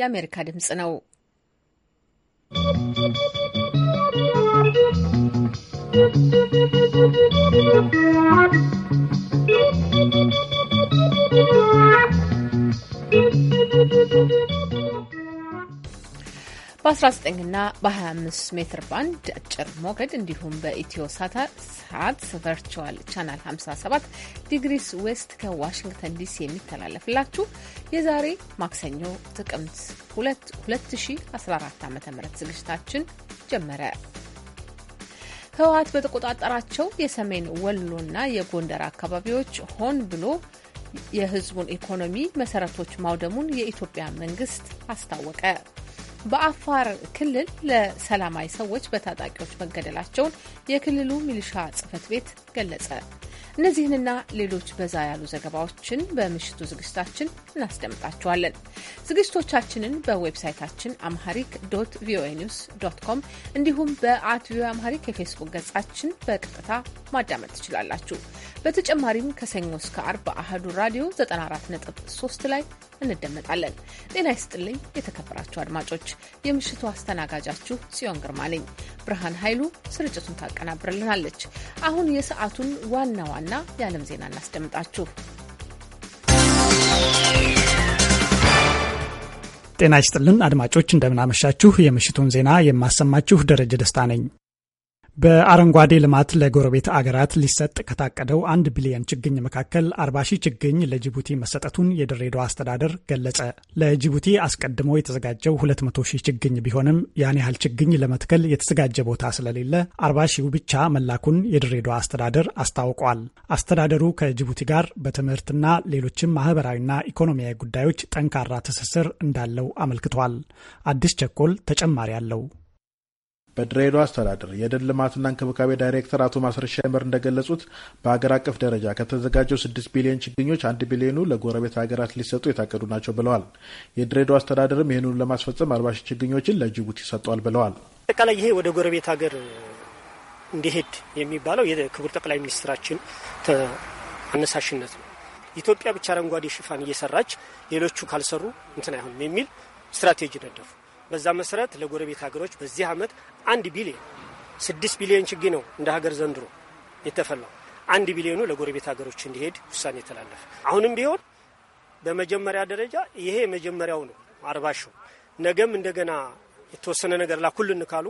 የአሜሪካ ድምፅ ነው። ¶¶ በ19 ና በ25 ሜትር ባንድ አጭር ሞገድ እንዲሁም በኢትዮ ሳት ቨርቹዋል ቻናል 57 ዲግሪስ ዌስት ከዋሽንግተን ዲሲ የሚተላለፍላችሁ የዛሬ ማክሰኞ ጥቅምት 2 2014 ዓ ም ዝግጅታችን ጀመረ። ህወሀት በተቆጣጠራቸው የሰሜን ወሎና የጎንደር አካባቢዎች ሆን ብሎ የህዝቡን ኢኮኖሚ መሰረቶች ማውደሙን የኢትዮጵያ መንግስት አስታወቀ። በአፋር ክልል ለሰላማዊ ሰዎች በታጣቂዎች መገደላቸውን የክልሉ ሚሊሻ ጽፈት ቤት ገለጸ። እነዚህንና ሌሎች በዛ ያሉ ዘገባዎችን በምሽቱ ዝግጅታችን እናስደምጣችኋለን። ዝግጅቶቻችንን በዌብሳይታችን አምሃሪክ ዶት ቪኦኤ ኒውስ ዶት ኮም እንዲሁም በአት ቪኦኤ አምሃሪክ የፌስቡክ ገጻችን በቀጥታ ማዳመጥ ትችላላችሁ። በተጨማሪም ከሰኞ እስከ አርብ አህዱ ራዲዮ 94.3 ላይ እንደመጣለን። ጤና ይስጥልኝ የተከበራችሁ አድማጮች፣ የምሽቱ አስተናጋጃችሁ ጽዮን ግርማ ነኝ። ብርሃን ኃይሉ ስርጭቱን ታቀናብርልናለች። አሁን የሰዓቱን ዋና ዋና የዓለም ዜና እናስደምጣችሁ። ጤና ይስጥልን አድማጮች፣ እንደምናመሻችሁ። የምሽቱን ዜና የማሰማችሁ ደረጀ ደስታ ነኝ። በአረንጓዴ ልማት ለጎረቤት አገራት ሊሰጥ ከታቀደው አንድ ቢሊዮን ችግኝ መካከል አርባ ሺህ ችግኝ ለጅቡቲ መሰጠቱን የድሬዳዋ አስተዳደር ገለጸ። ለጅቡቲ አስቀድሞ የተዘጋጀው 200 ሺህ ችግኝ ቢሆንም ያን ያህል ችግኝ ለመትከል የተዘጋጀ ቦታ ስለሌለ አርባ ሺው ብቻ መላኩን የድሬዳዋ አስተዳደር አስታውቋል። አስተዳደሩ ከጅቡቲ ጋር በትምህርትና ሌሎችም ማህበራዊና ኢኮኖሚያዊ ጉዳዮች ጠንካራ ትስስር እንዳለው አመልክቷል። አዲስ ቸኮል ተጨማሪ አለው። በድሬዳዋ አስተዳደር የደን ልማትና እንክብካቤ ዳይሬክተር አቶ ማስረሻ ይመር እንደገለጹት በሀገር አቀፍ ደረጃ ከተዘጋጀው ስድስት ቢሊዮን ችግኞች አንድ ቢሊዮኑ ለጎረቤት ሀገራት ሊሰጡ የታቀዱ ናቸው ብለዋል። የድሬዳዋ አስተዳደርም ይህንኑ ለማስፈጸም አርባ ሺህ ችግኞችን ለጅቡቲ ይሰጠዋል ብለዋል። አጠቃላይ ይሄ ወደ ጎረቤት ሀገር እንዲሄድ የሚባለው የክቡር ጠቅላይ ሚኒስትራችን አነሳሽነት ነው። ኢትዮጵያ ብቻ አረንጓዴ ሽፋን እየሰራች ሌሎቹ ካልሰሩ እንትን አይሆንም የሚል ስትራቴጂ ነደፉ። በዛ መሰረት ለጎረቤት ሀገሮች በዚህ ዓመት አንድ ቢሊዮን ስድስት ቢሊዮን ችግኝ ነው እንደ ሀገር ዘንድሮ የተፈላው። አንድ ቢሊዮኑ ለጎረቤት ሀገሮች እንዲሄድ ውሳኔ የተላለፈ። አሁንም ቢሆን በመጀመሪያ ደረጃ ይሄ የመጀመሪያው ነው አርባሾ ነገም እንደገና የተወሰነ ነገር ላኩልን ካሉ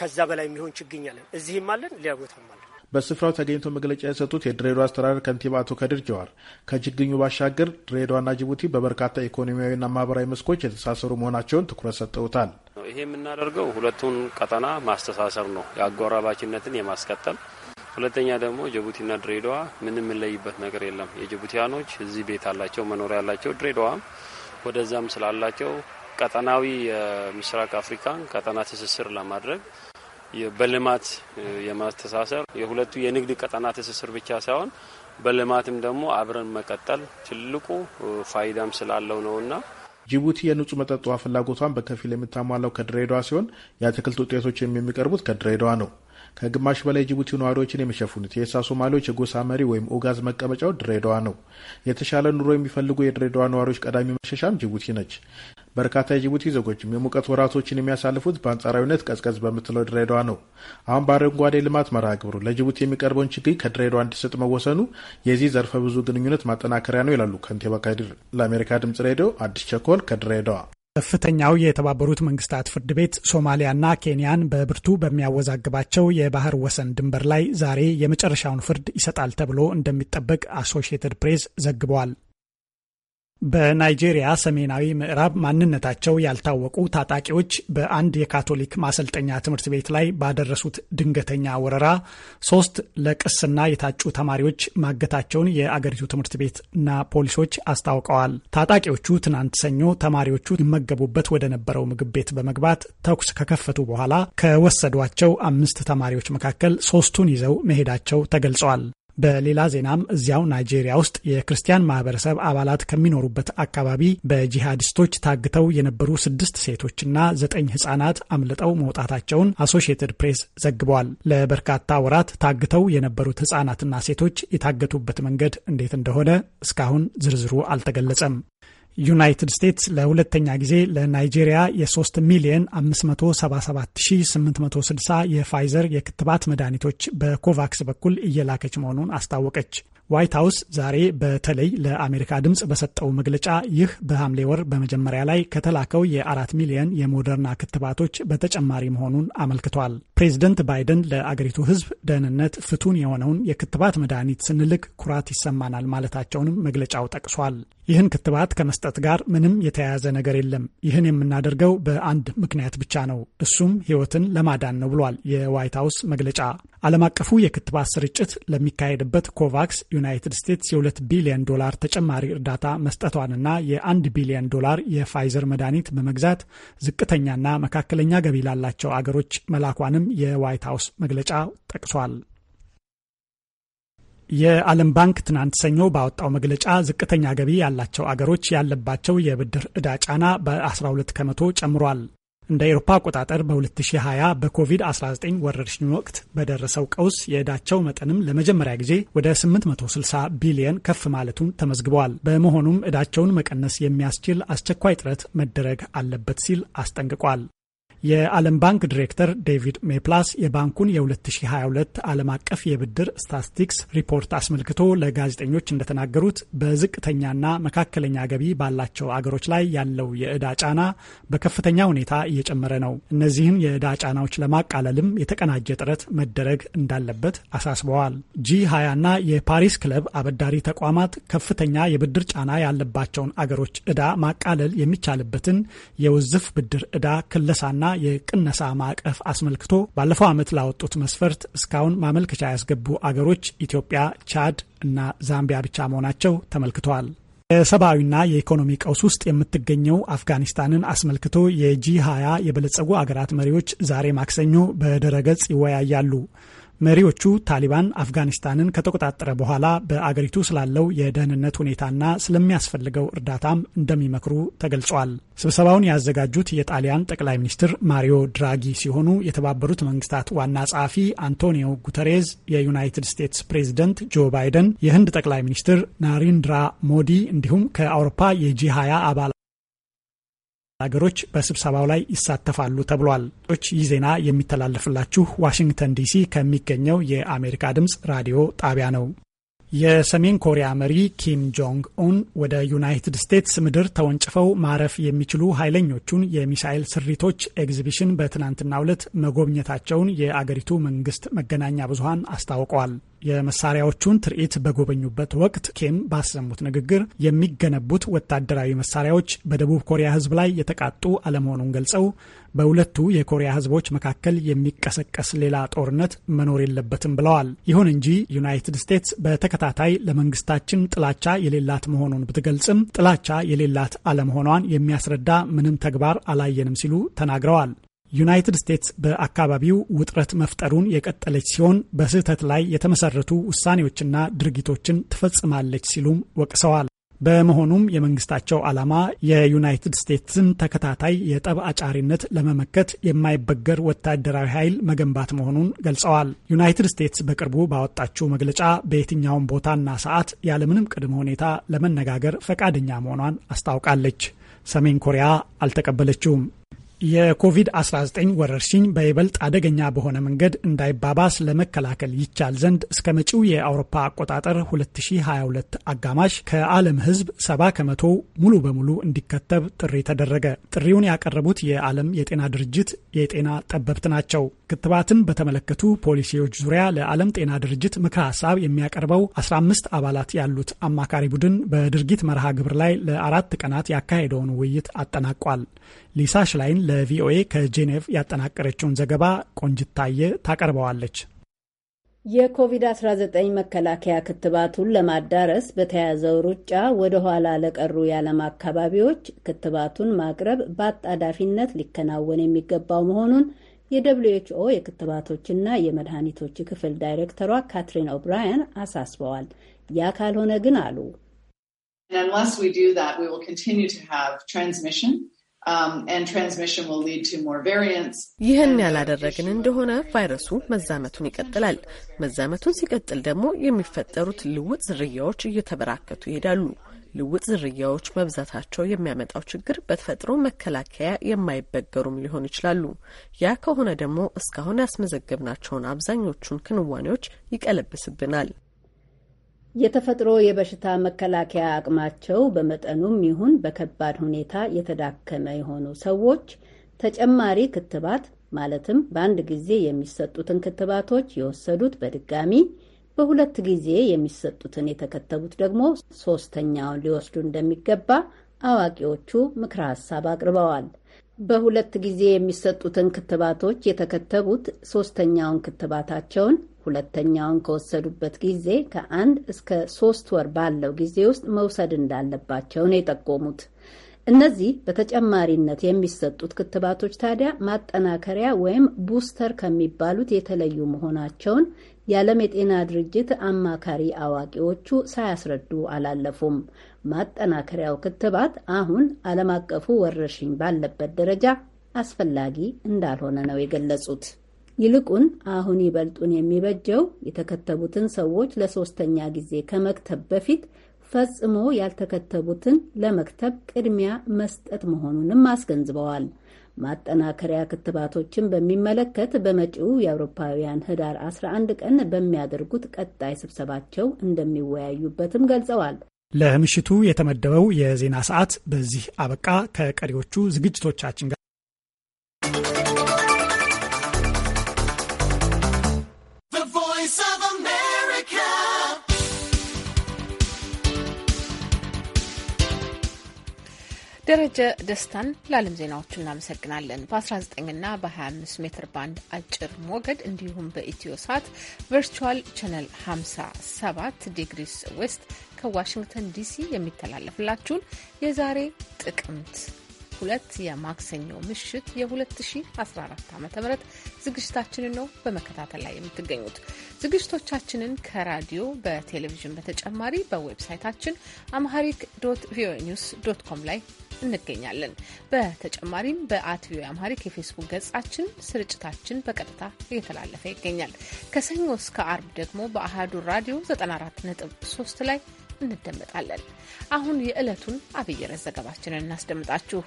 ከዛ በላይ የሚሆን ችግኝ አለን። እዚህም አለን፣ ሌላ ቦታም አለን። በስፍራው ተገኝተው መግለጫ የሰጡት የድሬዳዋ አስተዳደር ከንቲባ አቶ ከድር ጀዋር ከችግኙ ባሻገር ድሬዳዋና ጅቡቲ በበርካታ ኢኮኖሚያዊና ማህበራዊ መስኮች የተሳሰሩ መሆናቸውን ትኩረት ሰጥተውታል። ይሄ የምናደርገው ሁለቱን ቀጠና ማስተሳሰር ነው። የአጎራባችነትን የማስቀጠል ሁለተኛ ደግሞ ጅቡቲና ድሬዳዋ ምን የምንለይበት ነገር የለም። የጅቡቲያኖች እዚህ ቤት አላቸው፣ መኖሪያ አላቸው። ድሬዳዋም ወደዛም ስላላቸው ቀጠናዊ የምስራቅ አፍሪካን ቀጠና ትስስር ለማድረግ በልማት የማስተሳሰር የሁለቱ የንግድ ቀጠና ትስስር ብቻ ሳይሆን በልማትም ደግሞ አብረን መቀጠል ትልቁ ፋይዳም ስላለው ነውና ጅቡቲ የንጹህ መጠጥ ውሃ ፍላጎቷን በከፊል የምታሟላው ከድሬዳዋ ሲሆን የአትክልት ውጤቶች የሚቀርቡት ከድሬዳዋ ነው። ከግማሽ በላይ ጅቡቲ ነዋሪዎችን የሚሸፍኑት የእሳ ሶማሌዎች የጎሳ መሪ ወይም ኦጋዝ መቀመጫው ድሬዳዋ ነው። የተሻለ ኑሮ የሚፈልጉ የድሬዳዋ ነዋሪዎች ቀዳሚ መሸሻም ጅቡቲ ነች። በርካታ የጅቡቲ ዜጎችም የሙቀት ወራቶችን የሚያሳልፉት በአንጻራዊነት ቀዝቀዝ በምትለው ድሬዳዋ ነው። አሁን በአረንጓዴ ልማት መርሃ ግብሩ ለጅቡቲ የሚቀርበውን ችግኝ ከድሬዳዋ እንዲሰጥ መወሰኑ የዚህ ዘርፈ ብዙ ግንኙነት ማጠናከሪያ ነው ይላሉ ከንቲባ ካዲር። ለአሜሪካ ድምጽ ሬዲዮ አዲስ ቸኮል ከድሬዳዋ ከፍተኛው የተባበሩት መንግስታት ፍርድ ቤት ሶማሊያና ኬንያን በብርቱ በሚያወዛግባቸው የባህር ወሰን ድንበር ላይ ዛሬ የመጨረሻውን ፍርድ ይሰጣል ተብሎ እንደሚጠበቅ አሶሺየትድ ፕሬስ ዘግበዋል። በናይጄሪያ ሰሜናዊ ምዕራብ ማንነታቸው ያልታወቁ ታጣቂዎች በአንድ የካቶሊክ ማሰልጠኛ ትምህርት ቤት ላይ ባደረሱት ድንገተኛ ወረራ ሶስት ለቅስና የታጩ ተማሪዎች ማገታቸውን የአገሪቱ ትምህርት ቤትና ፖሊሶች አስታውቀዋል። ታጣቂዎቹ ትናንት ሰኞ ተማሪዎቹ ይመገቡበት ወደ ነበረው ምግብ ቤት በመግባት ተኩስ ከከፈቱ በኋላ ከወሰዷቸው አምስት ተማሪዎች መካከል ሶስቱን ይዘው መሄዳቸው ተገልጸዋል። በሌላ ዜናም እዚያው ናይጄሪያ ውስጥ የክርስቲያን ማህበረሰብ አባላት ከሚኖሩበት አካባቢ በጂሃዲስቶች ታግተው የነበሩ ስድስት ሴቶችና ዘጠኝ ህጻናት አምልጠው መውጣታቸውን አሶሺየትድ ፕሬስ ዘግበዋል። ለበርካታ ወራት ታግተው የነበሩት ህጻናትና ሴቶች የታገቱበት መንገድ እንዴት እንደሆነ እስካሁን ዝርዝሩ አልተገለጸም። ዩናይትድ ስቴትስ ለሁለተኛ ጊዜ ለናይጄሪያ የ3 ሚሊዮን 577860 የፋይዘር የክትባት መድኃኒቶች በኮቫክስ በኩል እየላከች መሆኑን አስታወቀች። ዋይት ሀውስ ዛሬ በተለይ ለአሜሪካ ድምፅ በሰጠው መግለጫ ይህ በሐምሌ ወር በመጀመሪያ ላይ ከተላከው የአራት ሚሊየን የሞደርና ክትባቶች በተጨማሪ መሆኑን አመልክቷል። ፕሬዚደንት ባይደን ለአገሪቱ ሕዝብ ደህንነት ፍቱን የሆነውን የክትባት መድኃኒት ስንልክ ኩራት ይሰማናል ማለታቸውንም መግለጫው ጠቅሷል። ይህን ክትባት ከመስጠት ጋር ምንም የተያያዘ ነገር የለም። ይህን የምናደርገው በአንድ ምክንያት ብቻ ነው፣ እሱም ሕይወትን ለማዳን ነው ብሏል የዋይት ሀውስ መግለጫ። ዓለም አቀፉ የክትባት ስርጭት ለሚካሄድበት ኮቫክስ ዩናይትድ ስቴትስ የ2 ቢሊዮን ዶላር ተጨማሪ እርዳታ መስጠቷንና የ1 ቢሊዮን ዶላር የፋይዘር መድኃኒት በመግዛት ዝቅተኛና መካከለኛ ገቢ ላላቸው አገሮች መላኳንም የዋይት ሀውስ መግለጫ ጠቅሷል። የዓለም ባንክ ትናንት ሰኞ ባወጣው መግለጫ ዝቅተኛ ገቢ ያላቸው አገሮች ያለባቸው የብድር ዕዳ ጫና በ12 ከመቶ ጨምሯል። እንደ ኤሮፓ አቆጣጠር በ2020 በኮቪድ-19 ወረርሽኝ ወቅት በደረሰው ቀውስ የዕዳቸው መጠንም ለመጀመሪያ ጊዜ ወደ 860 ቢሊየን ከፍ ማለቱን ተመዝግበዋል። በመሆኑም ዕዳቸውን መቀነስ የሚያስችል አስቸኳይ ጥረት መደረግ አለበት ሲል አስጠንቅቋል። የዓለም ባንክ ዲሬክተር ዴቪድ ሜፕላስ የባንኩን የ2022 ዓለም አቀፍ የብድር ስታትስቲክስ ሪፖርት አስመልክቶ ለጋዜጠኞች እንደተናገሩት በዝቅተኛና መካከለኛ ገቢ ባላቸው አገሮች ላይ ያለው የዕዳ ጫና በከፍተኛ ሁኔታ እየጨመረ ነው። እነዚህን የዕዳ ጫናዎች ለማቃለልም የተቀናጀ ጥረት መደረግ እንዳለበት አሳስበዋል። ጂ 20ና የፓሪስ ክለብ አበዳሪ ተቋማት ከፍተኛ የብድር ጫና ያለባቸውን አገሮች ዕዳ ማቃለል የሚቻልበትን የውዝፍ ብድር ዕዳ ክለሳና የቅነሳ ማዕቀፍ አስመልክቶ ባለፈው ዓመት ላወጡት መስፈርት እስካሁን ማመልከቻ ያስገቡ አገሮች ኢትዮጵያ፣ ቻድ እና ዛምቢያ ብቻ መሆናቸው ተመልክተዋል። የሰብአዊና የኢኮኖሚ ቀውስ ውስጥ የምትገኘው አፍጋኒስታንን አስመልክቶ የጂ 20 የበለጸጉ አገራት መሪዎች ዛሬ ማክሰኞ በድረገጽ ይወያያሉ። መሪዎቹ ታሊባን አፍጋኒስታንን ከተቆጣጠረ በኋላ በአገሪቱ ስላለው የደህንነት ሁኔታና ስለሚያስፈልገው እርዳታም እንደሚመክሩ ተገልጿል። ስብሰባውን ያዘጋጁት የጣሊያን ጠቅላይ ሚኒስትር ማሪዮ ድራጊ ሲሆኑ የተባበሩት መንግስታት ዋና ጸሐፊ አንቶኒዮ ጉተሬዝ፣ የዩናይትድ ስቴትስ ፕሬዚደንት ጆ ባይደን፣ የህንድ ጠቅላይ ሚኒስትር ናሪንድራ ሞዲ እንዲሁም ከአውሮፓ የጂ 20 አባላት አገሮች በስብሰባው ላይ ይሳተፋሉ ተብሏል። ች ይህ ዜና የሚተላለፍላችሁ ዋሽንግተን ዲሲ ከሚገኘው የአሜሪካ ድምፅ ራዲዮ ጣቢያ ነው። የሰሜን ኮሪያ መሪ ኪም ጆንግ ኡን ወደ ዩናይትድ ስቴትስ ምድር ተወንጭፈው ማረፍ የሚችሉ ኃይለኞቹን የሚሳኤል ስሪቶች ኤግዚቢሽን በትናንትናው ዕለት መጎብኘታቸውን የአገሪቱ መንግስት መገናኛ ብዙሃን አስታውቀዋል። የመሳሪያዎቹን ትርኢት በጎበኙበት ወቅት ኬም ባሰሙት ንግግር የሚገነቡት ወታደራዊ መሳሪያዎች በደቡብ ኮሪያ ሕዝብ ላይ የተቃጡ አለመሆኑን ገልጸው በሁለቱ የኮሪያ ህዝቦች መካከል የሚቀሰቀስ ሌላ ጦርነት መኖር የለበትም ብለዋል። ይሁን እንጂ ዩናይትድ ስቴትስ በተከታታይ ለመንግስታችን ጥላቻ የሌላት መሆኑን ብትገልጽም ጥላቻ የሌላት አለመሆኗን የሚያስረዳ ምንም ተግባር አላየንም ሲሉ ተናግረዋል። ዩናይትድ ስቴትስ በአካባቢው ውጥረት መፍጠሩን የቀጠለች ሲሆን በስህተት ላይ የተመሰረቱ ውሳኔዎችና ድርጊቶችን ትፈጽማለች ሲሉም ወቅሰዋል። በመሆኑም የመንግስታቸው ዓላማ የዩናይትድ ስቴትስን ተከታታይ የጠብ አጫሪነት ለመመከት የማይበገር ወታደራዊ ኃይል መገንባት መሆኑን ገልጸዋል። ዩናይትድ ስቴትስ በቅርቡ ባወጣችው መግለጫ በየትኛውም ቦታና ሰዓት ያለምንም ቅድመ ሁኔታ ለመነጋገር ፈቃደኛ መሆኗን አስታውቃለች። ሰሜን ኮሪያ አልተቀበለችውም። የኮቪድ-19 ወረርሽኝ በይበልጥ አደገኛ በሆነ መንገድ እንዳይባባስ ለመከላከል ይቻል ዘንድ እስከ መጪው የአውሮፓ አቆጣጠር 2022 አጋማሽ ከዓለም ሕዝብ 70 ከመቶ ሙሉ በሙሉ እንዲከተብ ጥሪ ተደረገ። ጥሪውን ያቀረቡት የዓለም የጤና ድርጅት የጤና ጠበብት ናቸው። ክትባትን በተመለከቱ ፖሊሲዎች ዙሪያ ለዓለም ጤና ድርጅት ምክረ ሀሳብ የሚያቀርበው 15 አባላት ያሉት አማካሪ ቡድን በድርጊት መርሃ ግብር ላይ ለአራት ቀናት ያካሄደውን ውይይት አጠናቋል። ሊሳ ሽላይን ለቪኦኤ ከጄኔቭ ያጠናቀረችውን ዘገባ ቆንጅታየ ታቀርበዋለች። የኮቪድ-19 መከላከያ ክትባቱን ለማዳረስ በተያያዘው ሩጫ ወደ ኋላ ለቀሩ የዓለም አካባቢዎች ክትባቱን ማቅረብ በአጣዳፊነት ሊከናወን የሚገባው መሆኑን የደብሊው ኤች ኦ የክትባቶችና የመድኃኒቶች ክፍል ዳይሬክተሯ ካትሪን ኦብራያን አሳስበዋል። ያ ካልሆነ ግን አሉ Um, ይህን ያላደረግን እንደሆነ ቫይረሱ መዛመቱን ይቀጥላል። መዛመቱን ሲቀጥል ደግሞ የሚፈጠሩት ልውጥ ዝርያዎች እየተበራከቱ ይሄዳሉ። ልውጥ ዝርያዎች መብዛታቸው የሚያመጣው ችግር በተፈጥሮ መከላከያ የማይበገሩም ሊሆኑ ይችላሉ። ያ ከሆነ ደግሞ እስካሁን ያስመዘገብናቸውን አብዛኞቹን ክንዋኔዎች ይቀለብስብናል። የተፈጥሮ የበሽታ መከላከያ አቅማቸው በመጠኑም ይሁን በከባድ ሁኔታ የተዳከመ የሆኑ ሰዎች ተጨማሪ ክትባት ማለትም በአንድ ጊዜ የሚሰጡትን ክትባቶች የወሰዱት በድጋሚ በሁለት ጊዜ የሚሰጡትን የተከተቡት ደግሞ ሶስተኛውን ሊወስዱ እንደሚገባ አዋቂዎቹ ምክረ ሀሳብ አቅርበዋል። በሁለት ጊዜ የሚሰጡትን ክትባቶች የተከተቡት ሶስተኛውን ክትባታቸውን ሁለተኛውን ከወሰዱበት ጊዜ ከአንድ እስከ ሶስት ወር ባለው ጊዜ ውስጥ መውሰድ እንዳለባቸው ነው የጠቆሙት። እነዚህ በተጨማሪነት የሚሰጡት ክትባቶች ታዲያ ማጠናከሪያ ወይም ቡስተር ከሚባሉት የተለዩ መሆናቸውን የዓለም የጤና ድርጅት አማካሪ አዋቂዎቹ ሳያስረዱ አላለፉም። ማጠናከሪያው ክትባት አሁን ዓለም አቀፉ ወረርሽኝ ባለበት ደረጃ አስፈላጊ እንዳልሆነ ነው የገለጹት። ይልቁን አሁን ይበልጡን የሚበጀው የተከተቡትን ሰዎች ለሶስተኛ ጊዜ ከመክተብ በፊት ፈጽሞ ያልተከተቡትን ለመክተብ ቅድሚያ መስጠት መሆኑንም አስገንዝበዋል። ማጠናከሪያ ክትባቶችን በሚመለከት በመጪው የአውሮፓውያን ህዳር 11 ቀን በሚያደርጉት ቀጣይ ስብሰባቸው እንደሚወያዩበትም ገልጸዋል። ለምሽቱ የተመደበው የዜና ሰዓት በዚህ አበቃ። ከቀሪዎቹ ዝግጅቶቻችን ጋር ደረጀ ደስታን ለዓለም ዜናዎቹ እናመሰግናለን። 19 እና በ25 ሜትር ባንድ አጭር ሞገድ እንዲሁም በኢትዮ ሳት ቨርቹዋል ቻነል 57 ዲግሪስ ዌስት ከዋሽንግተን ዲሲ የሚተላለፍላችሁን የዛሬ ጥቅምት ሁለት የማክሰኞ ምሽት የ2014 ዓ ም ዝግጅታችንን ነው በመከታተል ላይ የምትገኙት። ዝግጅቶቻችንን ከራዲዮ በቴሌቪዥን በተጨማሪ በዌብሳይታችን አምሃሪክ ዶት ቪኦኤ ኒውስ ዶት ኮም ላይ እንገኛለን። በተጨማሪም በአት አምሃሪክ የፌስቡክ ገጻችን ስርጭታችን በቀጥታ እየተላለፈ ይገኛል። ከሰኞ እስከ አርብ ደግሞ በአህዱ ራዲዮ 94.3 ላይ እንደመጣለን። አሁን የዕለቱን አብይ ርዕስ ዘገባችንን እናስደምጣችሁ።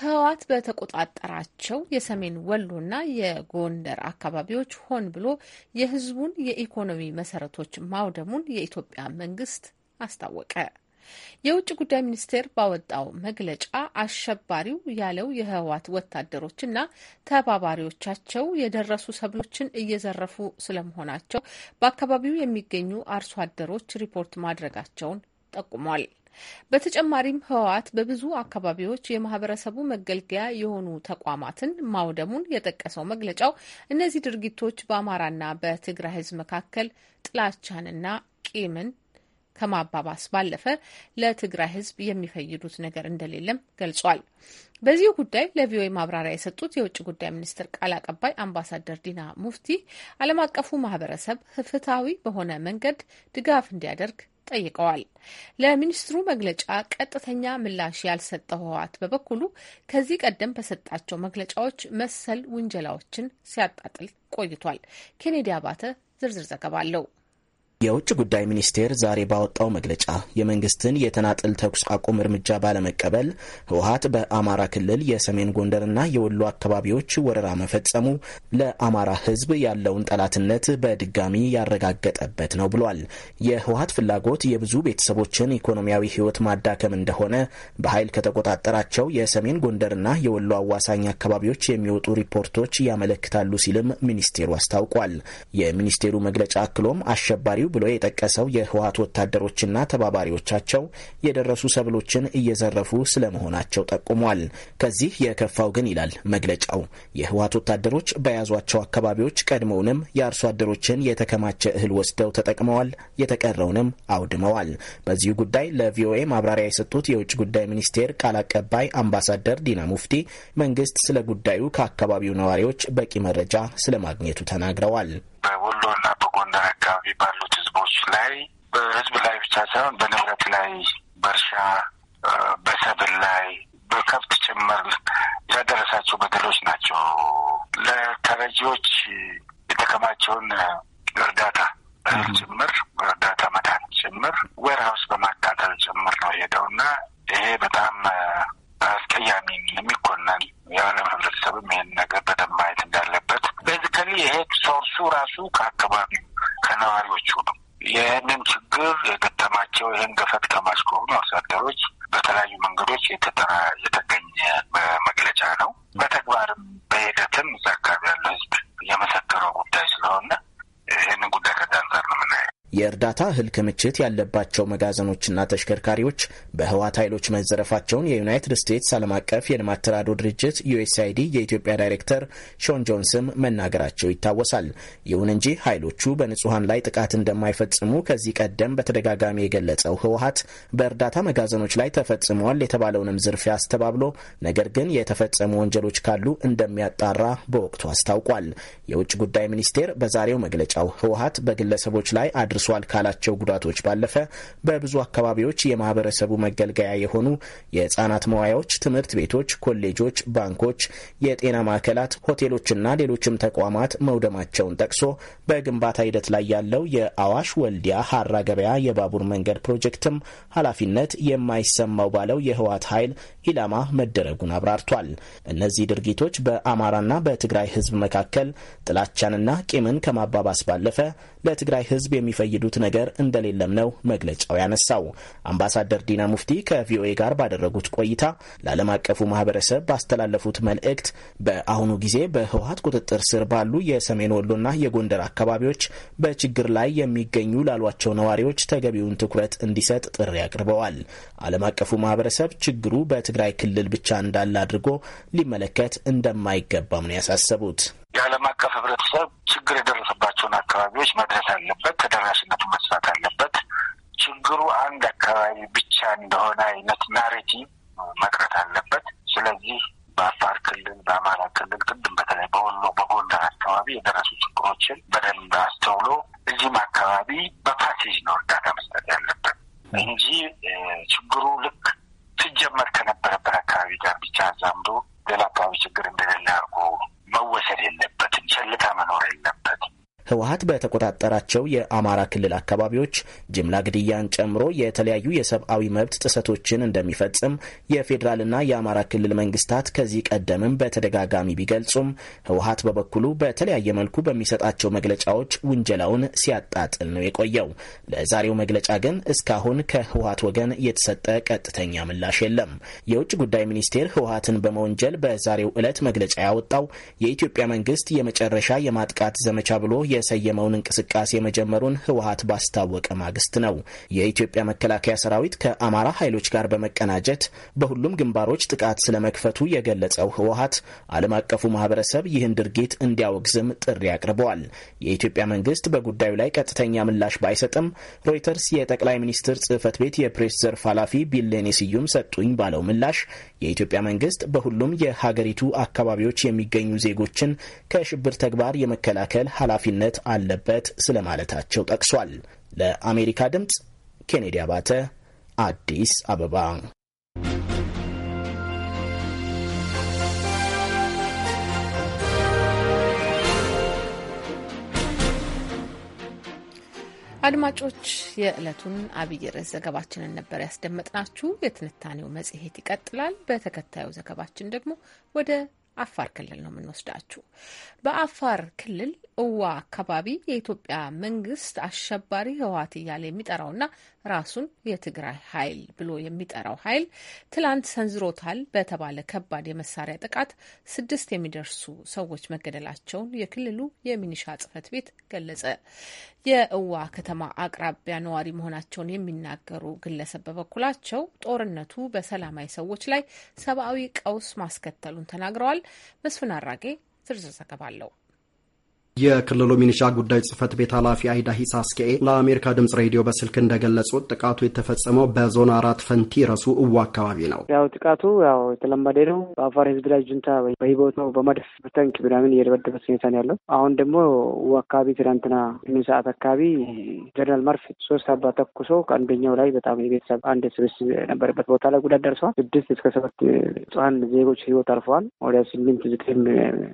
ህወሓት በተቆጣጠራቸው የሰሜን ወሎና የጎንደር አካባቢዎች ሆን ብሎ የህዝቡን የኢኮኖሚ መሰረቶች ማውደሙን የኢትዮጵያ መንግስት አስታወቀ። የውጭ ጉዳይ ሚኒስቴር ባወጣው መግለጫ አሸባሪው ያለው የህወሓት ወታደሮችና ተባባሪዎቻቸው የደረሱ ሰብሎችን እየዘረፉ ስለመሆናቸው በአካባቢው የሚገኙ አርሶ አደሮች ሪፖርት ማድረጋቸውን ጠቁሟል። በተጨማሪም ህወሓት በብዙ አካባቢዎች የማህበረሰቡ መገልገያ የሆኑ ተቋማትን ማውደሙን የጠቀሰው መግለጫው እነዚህ ድርጊቶች በአማራና በትግራይ ህዝብ መካከል ጥላቻንና ቂምን ከማባባስ ባለፈ ለትግራይ ህዝብ የሚፈይዱት ነገር እንደሌለም ገልጿል። በዚሁ ጉዳይ ለቪኦኤ ማብራሪያ የሰጡት የውጭ ጉዳይ ሚኒስትር ቃል አቀባይ አምባሳደር ዲና ሙፍቲ ዓለም አቀፉ ማህበረሰብ ፍትሐዊ በሆነ መንገድ ድጋፍ እንዲያደርግ ጠይቀዋል። ለሚኒስትሩ መግለጫ ቀጥተኛ ምላሽ ያልሰጠው ህወሓት በበኩሉ ከዚህ ቀደም በሰጣቸው መግለጫዎች መሰል ውንጀላዎችን ሲያጣጥል ቆይቷል። ኬኔዲ አባተ ዝርዝር ዘገባ አለው። የውጭ ጉዳይ ሚኒስቴር ዛሬ ባወጣው መግለጫ የመንግስትን የተናጥል ተኩስ አቁም እርምጃ ባለመቀበል ህወሀት በአማራ ክልል የሰሜን ጎንደርና የወሎ አካባቢዎች ወረራ መፈጸሙ ለአማራ ህዝብ ያለውን ጠላትነት በድጋሚ ያረጋገጠበት ነው ብሏል። የህወሀት ፍላጎት የብዙ ቤተሰቦችን ኢኮኖሚያዊ ህይወት ማዳከም እንደሆነ በኃይል ከተቆጣጠራቸው የሰሜን ጎንደርና የወሎ አዋሳኝ አካባቢዎች የሚወጡ ሪፖርቶች ያመለክታሉ ሲልም ሚኒስቴሩ አስታውቋል። የሚኒስቴሩ መግለጫ አክሎም አሸባሪ አካባቢው ብሎ የጠቀሰው የህወሀት ወታደሮችና ተባባሪዎቻቸው የደረሱ ሰብሎችን እየዘረፉ ስለመሆናቸው ጠቁሟል። ከዚህ የከፋው ግን ይላል መግለጫው የህወሀት ወታደሮች በያዟቸው አካባቢዎች ቀድሞውንም የአርሶ አደሮችን የተከማቸ እህል ወስደው ተጠቅመዋል፣ የተቀረውንም አውድመዋል። በዚሁ ጉዳይ ለቪኦኤ ማብራሪያ የሰጡት የውጭ ጉዳይ ሚኒስቴር ቃል አቀባይ አምባሳደር ዲና ሙፍቲ መንግስት ስለ ጉዳዩ ከአካባቢው ነዋሪዎች በቂ መረጃ ስለማግኘቱ ተናግረዋል። በወሎ እና በጎንደር አካባቢ ባሉት ህዝቦች ላይ በህዝብ ላይ ብቻ ሳይሆን በንብረት ላይ፣ በእርሻ በሰብል ላይ፣ በከብት ጭምር ያደረሳቸው በደሎች ናቸው። ለተረጂዎች የተከማቸውን እርዳታ እህል ጭምር እርዳታ መድኃኒት ጭምር ዌርሃውስ በማቃጠል ጭምር ነው የሄደውና ይሄ በጣም አስቀያሚ የሚኮነን የዓለም ህብረተሰብም ይህን ነገር በደንብ ማየት እንግዲህ ይሄ ሶርሱ ራሱ ከአካባቢው ከነዋሪዎቹ ነው። ይህንን ችግር የገጠማቸው ይህን ገፈት ከማስቆሙ ከሆኑ በተለያዩ መንገዶች የተገኘ መግለጫ ነው። በተግባርም በሂደትም እዛ አካባቢ ያለው ህዝብ የመሰከረው ጉዳይ ስለሆነ ይህንን ጉዳይ ከዛ አንጻር ነው የምናየው። የእርዳታ እህል ክምችት ያለባቸው መጋዘኖችና ተሽከርካሪዎች በህዋት ኃይሎች መዘረፋቸውን የዩናይትድ ስቴትስ ዓለም አቀፍ የልማት ተራድኦ ድርጅት ዩኤስአይዲ የኢትዮጵያ ዳይሬክተር ሾን ጆንስም መናገራቸው ይታወሳል። ይሁን እንጂ ኃይሎቹ በንጹሐን ላይ ጥቃት እንደማይፈጽሙ ከዚህ ቀደም በተደጋጋሚ የገለጸው ህወሀት በእርዳታ መጋዘኖች ላይ ተፈጽመዋል የተባለውንም ዝርፊያ አስተባብሎ ነገር ግን የተፈጸሙ ወንጀሎች ካሉ እንደሚያጣራ በወቅቱ አስታውቋል። የውጭ ጉዳይ ሚኒስቴር በዛሬው መግለጫው ህወሀት በግለሰቦች ላይ አድርሶ ደርሷል ካላቸው ጉዳቶች ባለፈ በብዙ አካባቢዎች የማህበረሰቡ መገልገያ የሆኑ የህጻናት መዋያዎች፣ ትምህርት ቤቶች፣ ኮሌጆች፣ ባንኮች፣ የጤና ማዕከላት፣ ሆቴሎችና ሌሎችም ተቋማት መውደማቸውን ጠቅሶ በግንባታ ሂደት ላይ ያለው የአዋሽ ወልዲያ ሀራ ገበያ የባቡር መንገድ ፕሮጀክትም ኃላፊነት የማይሰማው ባለው የህወሓት ኃይል ኢላማ መደረጉን አብራርቷል። እነዚህ ድርጊቶች በአማራና በትግራይ ህዝብ መካከል ጥላቻንና ቂምን ከማባባስ ባለፈ ለትግራይ ህዝብ የሚፈ የሚያበይዱት ነገር እንደሌለም ነው መግለጫው ያነሳው። አምባሳደር ዲና ሙፍቲ ከቪኦኤ ጋር ባደረጉት ቆይታ ለዓለም አቀፉ ማህበረሰብ ባስተላለፉት መልእክት በአሁኑ ጊዜ በህወሀት ቁጥጥር ስር ባሉ የሰሜን ወሎና የጎንደር አካባቢዎች በችግር ላይ የሚገኙ ላሏቸው ነዋሪዎች ተገቢውን ትኩረት እንዲሰጥ ጥሪ አቅርበዋል። ዓለም አቀፉ ማህበረሰብ ችግሩ በትግራይ ክልል ብቻ እንዳለ አድርጎ ሊመለከት እንደማይገባም ነው ያሳሰቡት። የዓለም አቀፍ ህብረተሰብ ችግር የደረሰባቸውን አካባቢዎች መድረስ አለበት። ተደራሽነቱ መስፋት አለበት። ችግሩ አንድ አካባቢ ብቻ እንደሆነ አይነት ናሬቲቭ መቅረት አለበት። ስለዚህ በአፋር ክልል፣ በአማራ ክልል ቅድም በተለይ በወሎ በጎንደር አካባቢ የደረሱ ችግሮችን በደንብ አስተውሎ እዚህም አካባቢ በፓሴጅ ነው እርዳታ መስጠት ያለበት እንጂ ችግሩ ልክ ሲጀመር ከነበረበት አካባቢ ጋር ብቻ አዛምዶ ሌላ አካባቢ ችግር እንደሌለ አድርጎ መወሰድ የለበትም። ቸልታ መኖር የለበትም። ህወሀት በተቆጣጠራቸው የአማራ ክልል አካባቢዎች ጅምላ ግድያን ጨምሮ የተለያዩ የሰብአዊ መብት ጥሰቶችን እንደሚፈጽም የፌዴራልና የአማራ ክልል መንግስታት ከዚህ ቀደምም በተደጋጋሚ ቢገልጹም ህወሀት በበኩሉ በተለያየ መልኩ በሚሰጣቸው መግለጫዎች ውንጀላውን ሲያጣጥል ነው የቆየው። ለዛሬው መግለጫ ግን እስካሁን ከህወሀት ወገን የተሰጠ ቀጥተኛ ምላሽ የለም። የውጭ ጉዳይ ሚኒስቴር ህወሀትን በመወንጀል በዛሬው ዕለት መግለጫ ያወጣው የኢትዮጵያ መንግስት የመጨረሻ የማጥቃት ዘመቻ ብሎ የሰየመውን እንቅስቃሴ መጀመሩን ህወሀት ባስታወቀ ማግስት ነው። የኢትዮጵያ መከላከያ ሰራዊት ከአማራ ኃይሎች ጋር በመቀናጀት በሁሉም ግንባሮች ጥቃት ስለመክፈቱ የገለጸው ህወሀት ዓለም አቀፉ ማህበረሰብ ይህን ድርጊት እንዲያወግዝም ጥሪ አቅርበዋል። የኢትዮጵያ መንግስት በጉዳዩ ላይ ቀጥተኛ ምላሽ ባይሰጥም ሮይተርስ የጠቅላይ ሚኒስትር ጽህፈት ቤት የፕሬስ ዘርፍ ኃላፊ ቢሌኔ ስዩም ሰጡኝ ባለው ምላሽ የኢትዮጵያ መንግስት በሁሉም የሀገሪቱ አካባቢዎች የሚገኙ ዜጎችን ከሽብር ተግባር የመከላከል ኃላፊነት አለበት ስለማለታቸው ጠቅሷል። ለአሜሪካ ድምፅ ኬኔዲ አባተ አዲስ አበባ አድማጮች የዕለቱን አብይ ርዕስ ዘገባችንን ነበር ያስደመጥናችሁ። የትንታኔው መጽሔት ይቀጥላል። በተከታዩ ዘገባችን ደግሞ ወደ አፋር ክልል ነው የምንወስዳችሁ። በአፋር ክልል እዋ አካባቢ የኢትዮጵያ መንግስት አሸባሪ ህወሓት እያለ የሚጠራውና ራሱን የትግራይ ኃይል ብሎ የሚጠራው ኃይል ትላንት ሰንዝሮታል በተባለ ከባድ የመሳሪያ ጥቃት ስድስት የሚደርሱ ሰዎች መገደላቸውን የክልሉ የሚኒሻ ጽህፈት ቤት ገለጸ። የእዋ ከተማ አቅራቢያ ነዋሪ መሆናቸውን የሚናገሩ ግለሰብ በበኩላቸው ጦርነቱ በሰላማዊ ሰዎች ላይ ሰብአዊ ቀውስ ማስከተሉን ተናግረዋል። መስፍን አራጌ ዝርዝር ዘገባ አለው። የክልሉ ሚኒሻ ጉዳይ ጽህፈት ቤት ኃላፊ አይዳ ሂሳ አስኬኤ ለአሜሪካ ድምጽ ሬዲዮ በስልክ እንደገለጹት ጥቃቱ የተፈጸመው በዞን አራት ፈንቲ ረሱ እዋ አካባቢ ነው። ያው ጥቃቱ ያው የተለመደ ነው። በአፋር ህዝብ ላይ ጁንታ በህይወት ነው በመድፍ በተንክ ምናምን እየደበደበት ሁኔታ ነው ያለው። አሁን ደግሞ እዋ አካባቢ ትናንትና ምን ሰዓት አካባቢ ጀነራል መርፍ ሶስት አባ ተኩሶ ከአንደኛው ላይ በጣም የቤተሰብ አንድ ስብስብ የነበረበት ቦታ ላይ ጉዳት ደርሰዋል። ስድስት እስከ ሰባት ንጹሀን ዜጎች ህይወት አልፈዋል። ወደ ስምንት ዝቅም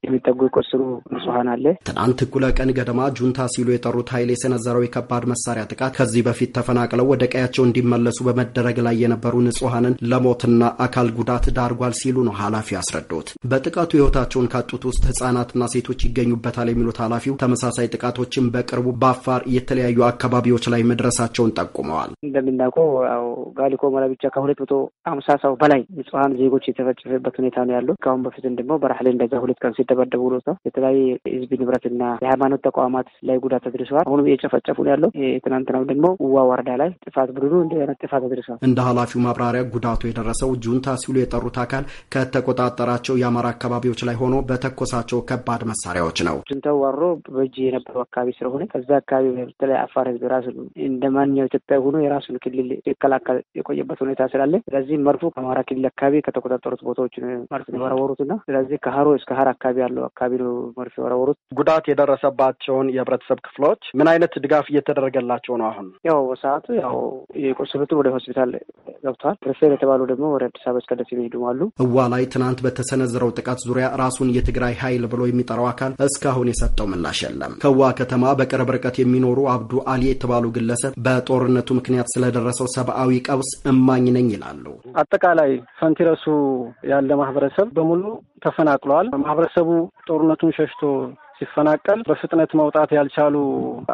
የሚጠጉ የቆሰሉ ንጹሀን አለ። ትናንት እኩለ ቀን ገደማ ጁንታ ሲሉ የጠሩት ኃይል የሰነዘረው የከባድ መሳሪያ ጥቃት ከዚህ በፊት ተፈናቅለው ወደ ቀያቸው እንዲመለሱ በመደረግ ላይ የነበሩ ንጹሐንን ለሞትና አካል ጉዳት ዳርጓል ሲሉ ነው ኃላፊ አስረዱት። በጥቃቱ ህይወታቸውን ካጡት ውስጥ ህጻናትና ሴቶች ይገኙበታል የሚሉት ኃላፊው ተመሳሳይ ጥቃቶችን በቅርቡ በአፋር የተለያዩ አካባቢዎች ላይ መድረሳቸውን ጠቁመዋል። እንደምናውቀው ያው ጋሊኮ መራ ብቻ ከሁለት መቶ አምሳ ሰው በላይ ንጹሐን ዜጎች የተፈጨፈበት ሁኔታ ነው ያለው። ከአሁን በፊት ደግሞ በራህሌ እንደዛ ሁለት ቀን ሲደበደቡ ሰው የተለያየ ህዝብ ንብረት እና የሃይማኖት ተቋማት ላይ ጉዳት አድርሰዋል። አሁንም እየጨፈጨፉ ያለው። ትናንትናው ደግሞ ውዋ ወረዳ ላይ ጥፋት ቡድኑ እንደሆነ ጥፋት አድርሰዋል። እንደ ኃላፊው ማብራሪያ ጉዳቱ የደረሰው ጁንታ ሲሉ የጠሩት አካል ከተቆጣጠራቸው የአማራ አካባቢዎች ላይ ሆኖ በተኮሳቸው ከባድ መሳሪያዎች ነው። ጁንታው ዋሮ በእጅ የነበረው አካባቢ ስለሆነ ከዛ አካባቢ በተለይ አፋር ህዝብ ራሱ እንደ ማንኛው ኢትዮጵያ ሆኖ የራሱን ክልል ይከላከል የቆየበት ሁኔታ ስላለ ስለዚህ መርፎ ከአማራ ክልል አካባቢ ከተቆጣጠሩት ቦታዎች መርፍ የወረወሩት እና ስለዚህ ከሀሮ እስከ ሀር አካባቢ ያለው አካባቢ ነው መርፍ የወረወሩት ጉዳት የደረሰባቸውን የህብረተሰብ ክፍሎች ምን አይነት ድጋፍ እየተደረገላቸው ነው? አሁን ያው በሰዓቱ ያው የቆሰሉትን ወደ ሆስፒታል ገብተዋል። ሪፌር የተባሉ ደግሞ ወደ አዲስ አበባ እስከ ደሴ የሚሄዱ አሉ። እዋ ላይ ትናንት በተሰነዘረው ጥቃት ዙሪያ ራሱን የትግራይ ኃይል ብሎ የሚጠራው አካል እስካሁን የሰጠው ምላሽ የለም። ከዋ ከተማ በቅርብ ርቀት የሚኖሩ አብዱ አሊ የተባሉ ግለሰብ በጦርነቱ ምክንያት ስለደረሰው ሰብአዊ ቀውስ እማኝ ነኝ ይላሉ። አጠቃላይ ፈንቲረሱ ያለ ማህበረሰብ በሙሉ ተፈናቅለዋል። ማህበረሰቡ ጦርነቱን ሸሽቶ ሲፈናቀል በፍጥነት መውጣት ያልቻሉ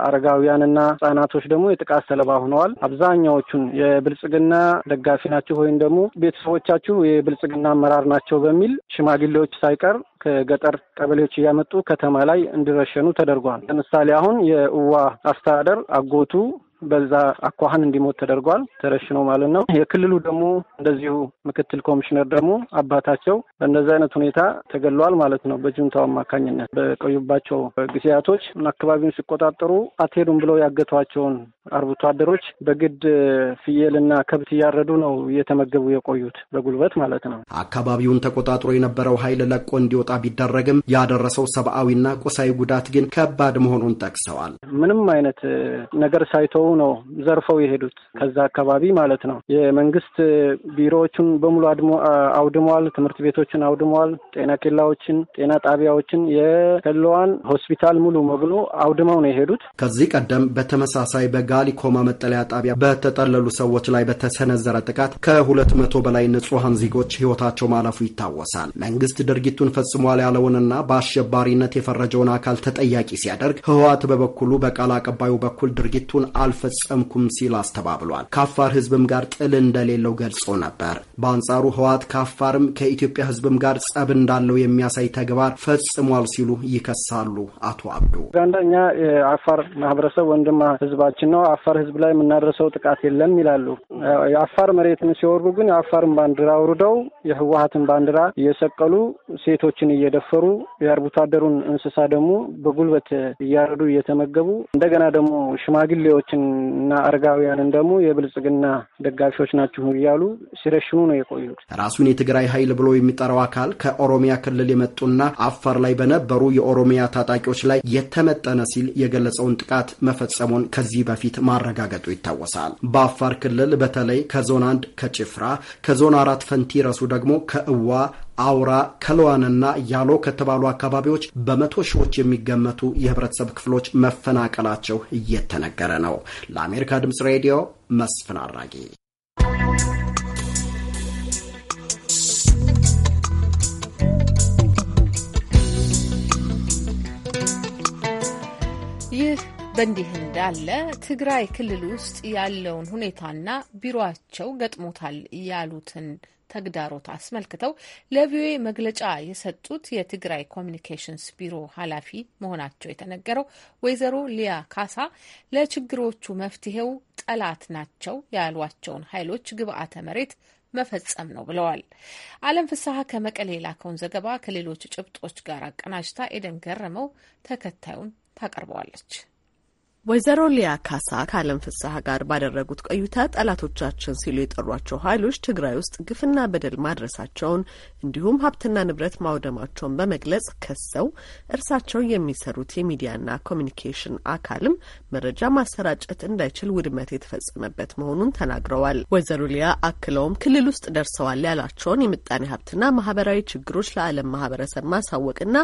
አረጋውያንና ህጻናቶች ደግሞ የጥቃት ሰለባ ሆነዋል። አብዛኛዎቹን የብልጽግና ደጋፊ ናቸው ወይም ደግሞ ቤተሰቦቻችሁ የብልጽግና አመራር ናቸው በሚል ሽማግሌዎች ሳይቀር ከገጠር ቀበሌዎች እያመጡ ከተማ ላይ እንዲረሸኑ ተደርጓል። ለምሳሌ አሁን የእዋ አስተዳደር አጎቱ በዛ አኳህን እንዲሞት ተደርጓል። ተረሽኖ ማለት ነው። የክልሉ ደግሞ እንደዚሁ ምክትል ኮሚሽነር ደግሞ አባታቸው በእንደዚህ አይነት ሁኔታ ተገሏል ማለት ነው። በጁንታው አማካኝነት በቆዩባቸው ጊዜያቶች አካባቢውን ሲቆጣጠሩ አትሄዱም ብለው ያገቷቸውን አርብቶ አደሮች በግድ ፍየልና ከብት እያረዱ ነው እየተመገቡ የቆዩት በጉልበት ማለት ነው። አካባቢውን ተቆጣጥሮ የነበረው ኃይል ለቆ እንዲወጣ ቢደረግም ያደረሰው ሰብአዊና ቁሳዊ ጉዳት ግን ከባድ መሆኑን ጠቅሰዋል። ምንም አይነት ነገር ሳይተው አጥረው ነው ዘርፈው የሄዱት ከዛ አካባቢ ማለት ነው። የመንግስት ቢሮዎቹን በሙሉ አውድመዋል። ትምህርት ቤቶችን አውድመዋል። ጤና ኬላዎችን፣ ጤና ጣቢያዎችን፣ የከለዋን ሆስፒታል ሙሉ መብሎ አውድመው ነው የሄዱት። ከዚህ ቀደም በተመሳሳይ በጋሊኮማ መጠለያ ጣቢያ በተጠለሉ ሰዎች ላይ በተሰነዘረ ጥቃት ከሁለት መቶ በላይ ንጹሐን ዜጎች ህይወታቸው ማለፉ ይታወሳል። መንግስት ድርጊቱን ፈጽሟል ያለውንና በአሸባሪነት የፈረጀውን አካል ተጠያቂ ሲያደርግ፣ ህወሓት በበኩሉ በቃል አቀባዩ በኩል ድርጊቱን አልፎ አልፈጸምኩም ሲል አስተባብሏል። ከአፋር ህዝብም ጋር ጥል እንደሌለው ገልጾ ነበር። በአንጻሩ ህወሓት ከአፋርም ከኢትዮጵያ ህዝብም ጋር ጸብ እንዳለው የሚያሳይ ተግባር ፈጽሟል ሲሉ ይከሳሉ። አቶ አብዱ አንደኛ የአፋር ማህበረሰብ ወንድማ ህዝባችን ነው፣ አፋር ህዝብ ላይ የምናደርሰው ጥቃት የለም ይላሉ። የአፋር መሬትን ሲወርዱ ግን የአፋርን ባንዲራ አውርደው የህወሓትን ባንዲራ እየሰቀሉ ሴቶችን እየደፈሩ የአርብቶ አደሩን እንስሳ ደግሞ በጉልበት እያረዱ እየተመገቡ እንደገና ደግሞ ሽማግሌዎችን እና አረጋውያንን ደግሞ የብልጽግና ደጋፊዎች ናችሁ እያሉ ሲረሽኑ ነው የቆዩት። ራሱን የትግራይ ኃይል ብሎ የሚጠራው አካል ከኦሮሚያ ክልል የመጡና አፋር ላይ በነበሩ የኦሮሚያ ታጣቂዎች ላይ የተመጠነ ሲል የገለጸውን ጥቃት መፈጸሙን ከዚህ በፊት ማረጋገጡ ይታወሳል። በአፋር ክልል በተለይ ከዞን አንድ ከጭፍራ ከዞን አራት ፈንቲ ረሱ ደግሞ ከእዋ አውራ ከለዋንና ያሎ ከተባሉ አካባቢዎች በመቶ ሺዎች የሚገመቱ የህብረተሰብ ክፍሎች መፈናቀላቸው እየተነገረ ነው። ለአሜሪካ ድምፅ ሬዲዮ መስፍን አራጌ። ይህ በእንዲህ እንዳለ ትግራይ ክልል ውስጥ ያለውን ሁኔታና ቢሮአቸው ገጥሞታል ያሉትን ተግዳሮት አስመልክተው ለቪኦኤ መግለጫ የሰጡት የትግራይ ኮሚኒኬሽንስ ቢሮ ኃላፊ መሆናቸው የተነገረው ወይዘሮ ሊያ ካሳ ለችግሮቹ መፍትሄው ጠላት ናቸው ያሏቸውን ኃይሎች ግብአተ መሬት መፈጸም ነው ብለዋል። አለም ፍስሀ ከመቀሌ የላከውን ዘገባ ከሌሎች ጭብጦች ጋር አቀናጅታ ኤደን ገረመው ተከታዩን ታቀርበዋለች። ወይዘሮ ሊያ ካሳ ከአለም ፍስሐ ጋር ባደረጉት ቆይታ ጠላቶቻችን ሲሉ የጠሯቸው ኃይሎች ትግራይ ውስጥ ግፍና በደል ማድረሳቸውን እንዲሁም ሀብትና ንብረት ማውደማቸውን በመግለጽ ከሰው እርሳቸው የሚሰሩት የሚዲያና ኮሚኒኬሽን አካልም መረጃ ማሰራጨት እንዳይችል ውድመት የተፈጸመበት መሆኑን ተናግረዋል። ወይዘሮ ሊያ አክለውም ክልል ውስጥ ደርሰዋል ያላቸውን የምጣኔ ሀብትና ማህበራዊ ችግሮች ለአለም ማህበረሰብ ማሳወቅና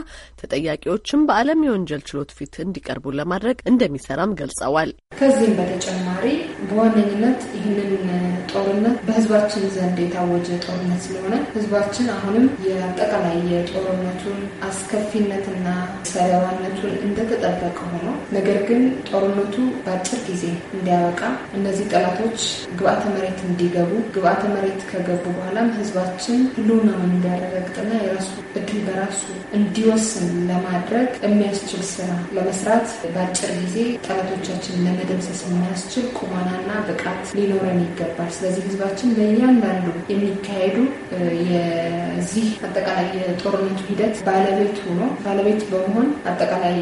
ተጠያቂዎችም በአለም የወንጀል ችሎት ፊት እንዲቀርቡ ለማድረግ እንደሚሰራም ገልጸዋል። ከዚህም በተጨማሪ በዋነኝነት ይህንን ጦርነት በህዝባችን ዘንድ የታወጀ ጦርነት ስለሆነ ህዝባችን አሁንም የአጠቃላይ የጦርነቱን አስከፊነትና ሰለባነቱን እንደተጠበቀ ሆኖ ነገር ግን ጦርነቱ በአጭር ጊዜ እንዲያበቃ እነዚህ ጠላቶች ግብአተ መሬት እንዲገቡ ግብአተ መሬት ከገቡ በኋላም ህዝባችን ህልውናውን እንዲያረጋግጥና የራሱ እድል በራሱ እንዲወስን ለማድረግ የሚያስችል ስራ ለመስራት በአጭር ጊዜ ጠላ ጠላቶቻችንን ለመደምሰስ የሚያስችል ቁመናና ብቃት ሊኖረን ይገባል። ስለዚህ ህዝባችን ለእያንዳንዱ የሚካሄዱ የዚህ አጠቃላይ የጦርነቱ ሂደት ባለቤት ሆኖ ባለቤት በመሆን አጠቃላይ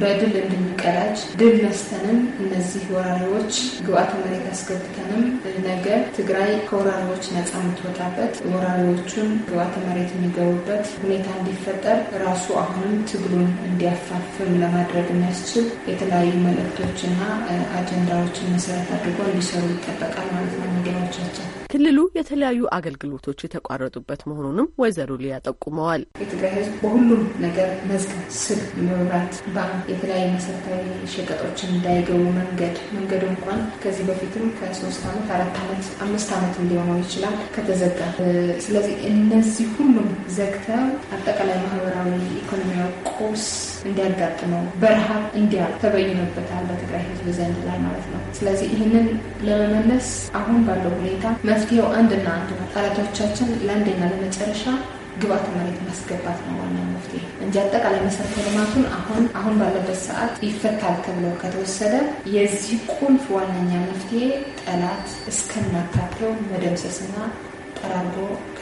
በድል እንድንቀዳጅ ድል ነስተንም እነዚህ ወራሪዎች ግብአተ መሬት አስገብተንም ነገ ትግራይ ከወራሪዎች ነጻ የምትወጣበት ወራሪዎቹን ግብአተ መሬት የሚገቡበት ሁኔታ እንዲፈጠር ራሱ አሁንም ትግሉን እንዲያፋፍም ለማድረግ የሚያስችል የተለያዩ መልእክቶች ፕሮጀክቶችና አጀንዳዎችን መሰረት አድርጎ እንዲሰሩ ይጠበቃል ማለት ነው ሚዲያዎቻችን። ክልሉ የተለያዩ አገልግሎቶች የተቋረጡበት መሆኑንም ወይዘሮ ሊያ ጠቁመዋል። የትግራይ ሕዝብ በሁሉም ነገር መዝገብ፣ ስር መብራት፣ ባንክ፣ የተለያዩ መሰረታዊ ሸቀጦችን እንዳይገቡ መንገድ መንገዱ እንኳን ከዚህ በፊትም ከሶስት ዓመት አራት ዓመት አምስት ዓመት ሊሆነው ይችላል ከተዘጋ። ስለዚህ እነዚህ ሁሉም ዘግተው አጠቃላይ ማህበራዊ ኢኮኖሚያዊ ቁስ እንዲያጋጥመው በረሃብ እንዲያ ተበይኖበታል በትግራይ ህዝብ ዘንድ ላይ ማለት ነው። ስለዚህ ይህንን ለመመለስ አሁን ባለው ሁኔታ መፍትሄው አንድና አንድ ነው። ጠላቶቻችን ለአንደኛ ለመጨረሻ ግባት መሬት ማስገባት ነው ዋና መፍትሄ እንጂ አጠቃላይ መሰረተ ልማቱን አሁን አሁን ባለበት ሰዓት ይፈታል ተብለው ከተወሰደ የዚህ ቁልፍ ዋነኛ መፍትሄ ጠላት እስከናካቴው መደምሰስና ጠራርጎ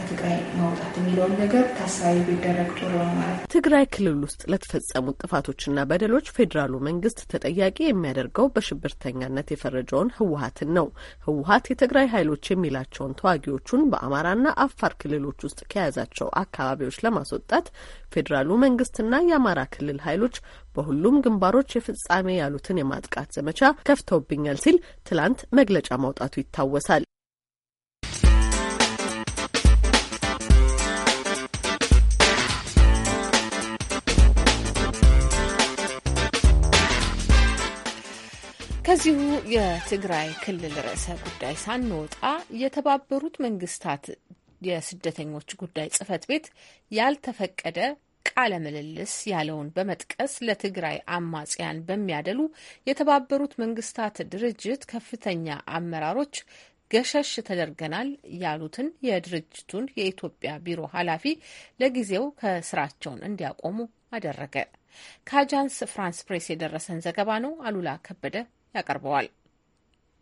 ከትግራይ መውጣት የሚለውን ነገር ታሳቢ ቢደረግ ጥሩ ነው ማለት ነው። ትግራይ ክልል ውስጥ ለተፈጸሙ ጥፋቶችና በደሎች ፌዴራሉ መንግስት ተጠያቂ የሚያደርገው በሽብርተኛነት የፈረጀውን ህወሀትን ነው። ህወሀት የትግራይ ኃይሎች የሚላቸውን ተዋጊዎቹን በአማራና አፋር ክልሎች ውስጥ ከያዛቸው አካባቢዎች ለማስወጣት ፌዴራሉ መንግስትና የአማራ ክልል ኃይሎች በሁሉም ግንባሮች የፍጻሜ ያሉትን የማጥቃት ዘመቻ ከፍተውብኛል ሲል ትላንት መግለጫ ማውጣቱ ይታወሳል። ከዚሁ የትግራይ ክልል ርዕሰ ጉዳይ ሳንወጣ የተባበሩት መንግስታት የስደተኞች ጉዳይ ጽህፈት ቤት ያልተፈቀደ ቃለ ምልልስ ያለውን በመጥቀስ ለትግራይ አማጽያን በሚያደሉ የተባበሩት መንግስታት ድርጅት ከፍተኛ አመራሮች ገሸሽ ተደርገናል ያሉትን የድርጅቱን የኢትዮጵያ ቢሮ ኃላፊ ለጊዜው ከስራቸውን እንዲያቆሙ አደረገ። ከአጃንስ ፍራንስ ፕሬስ የደረሰን ዘገባ ነው። አሉላ ከበደ ያቀርበዋል።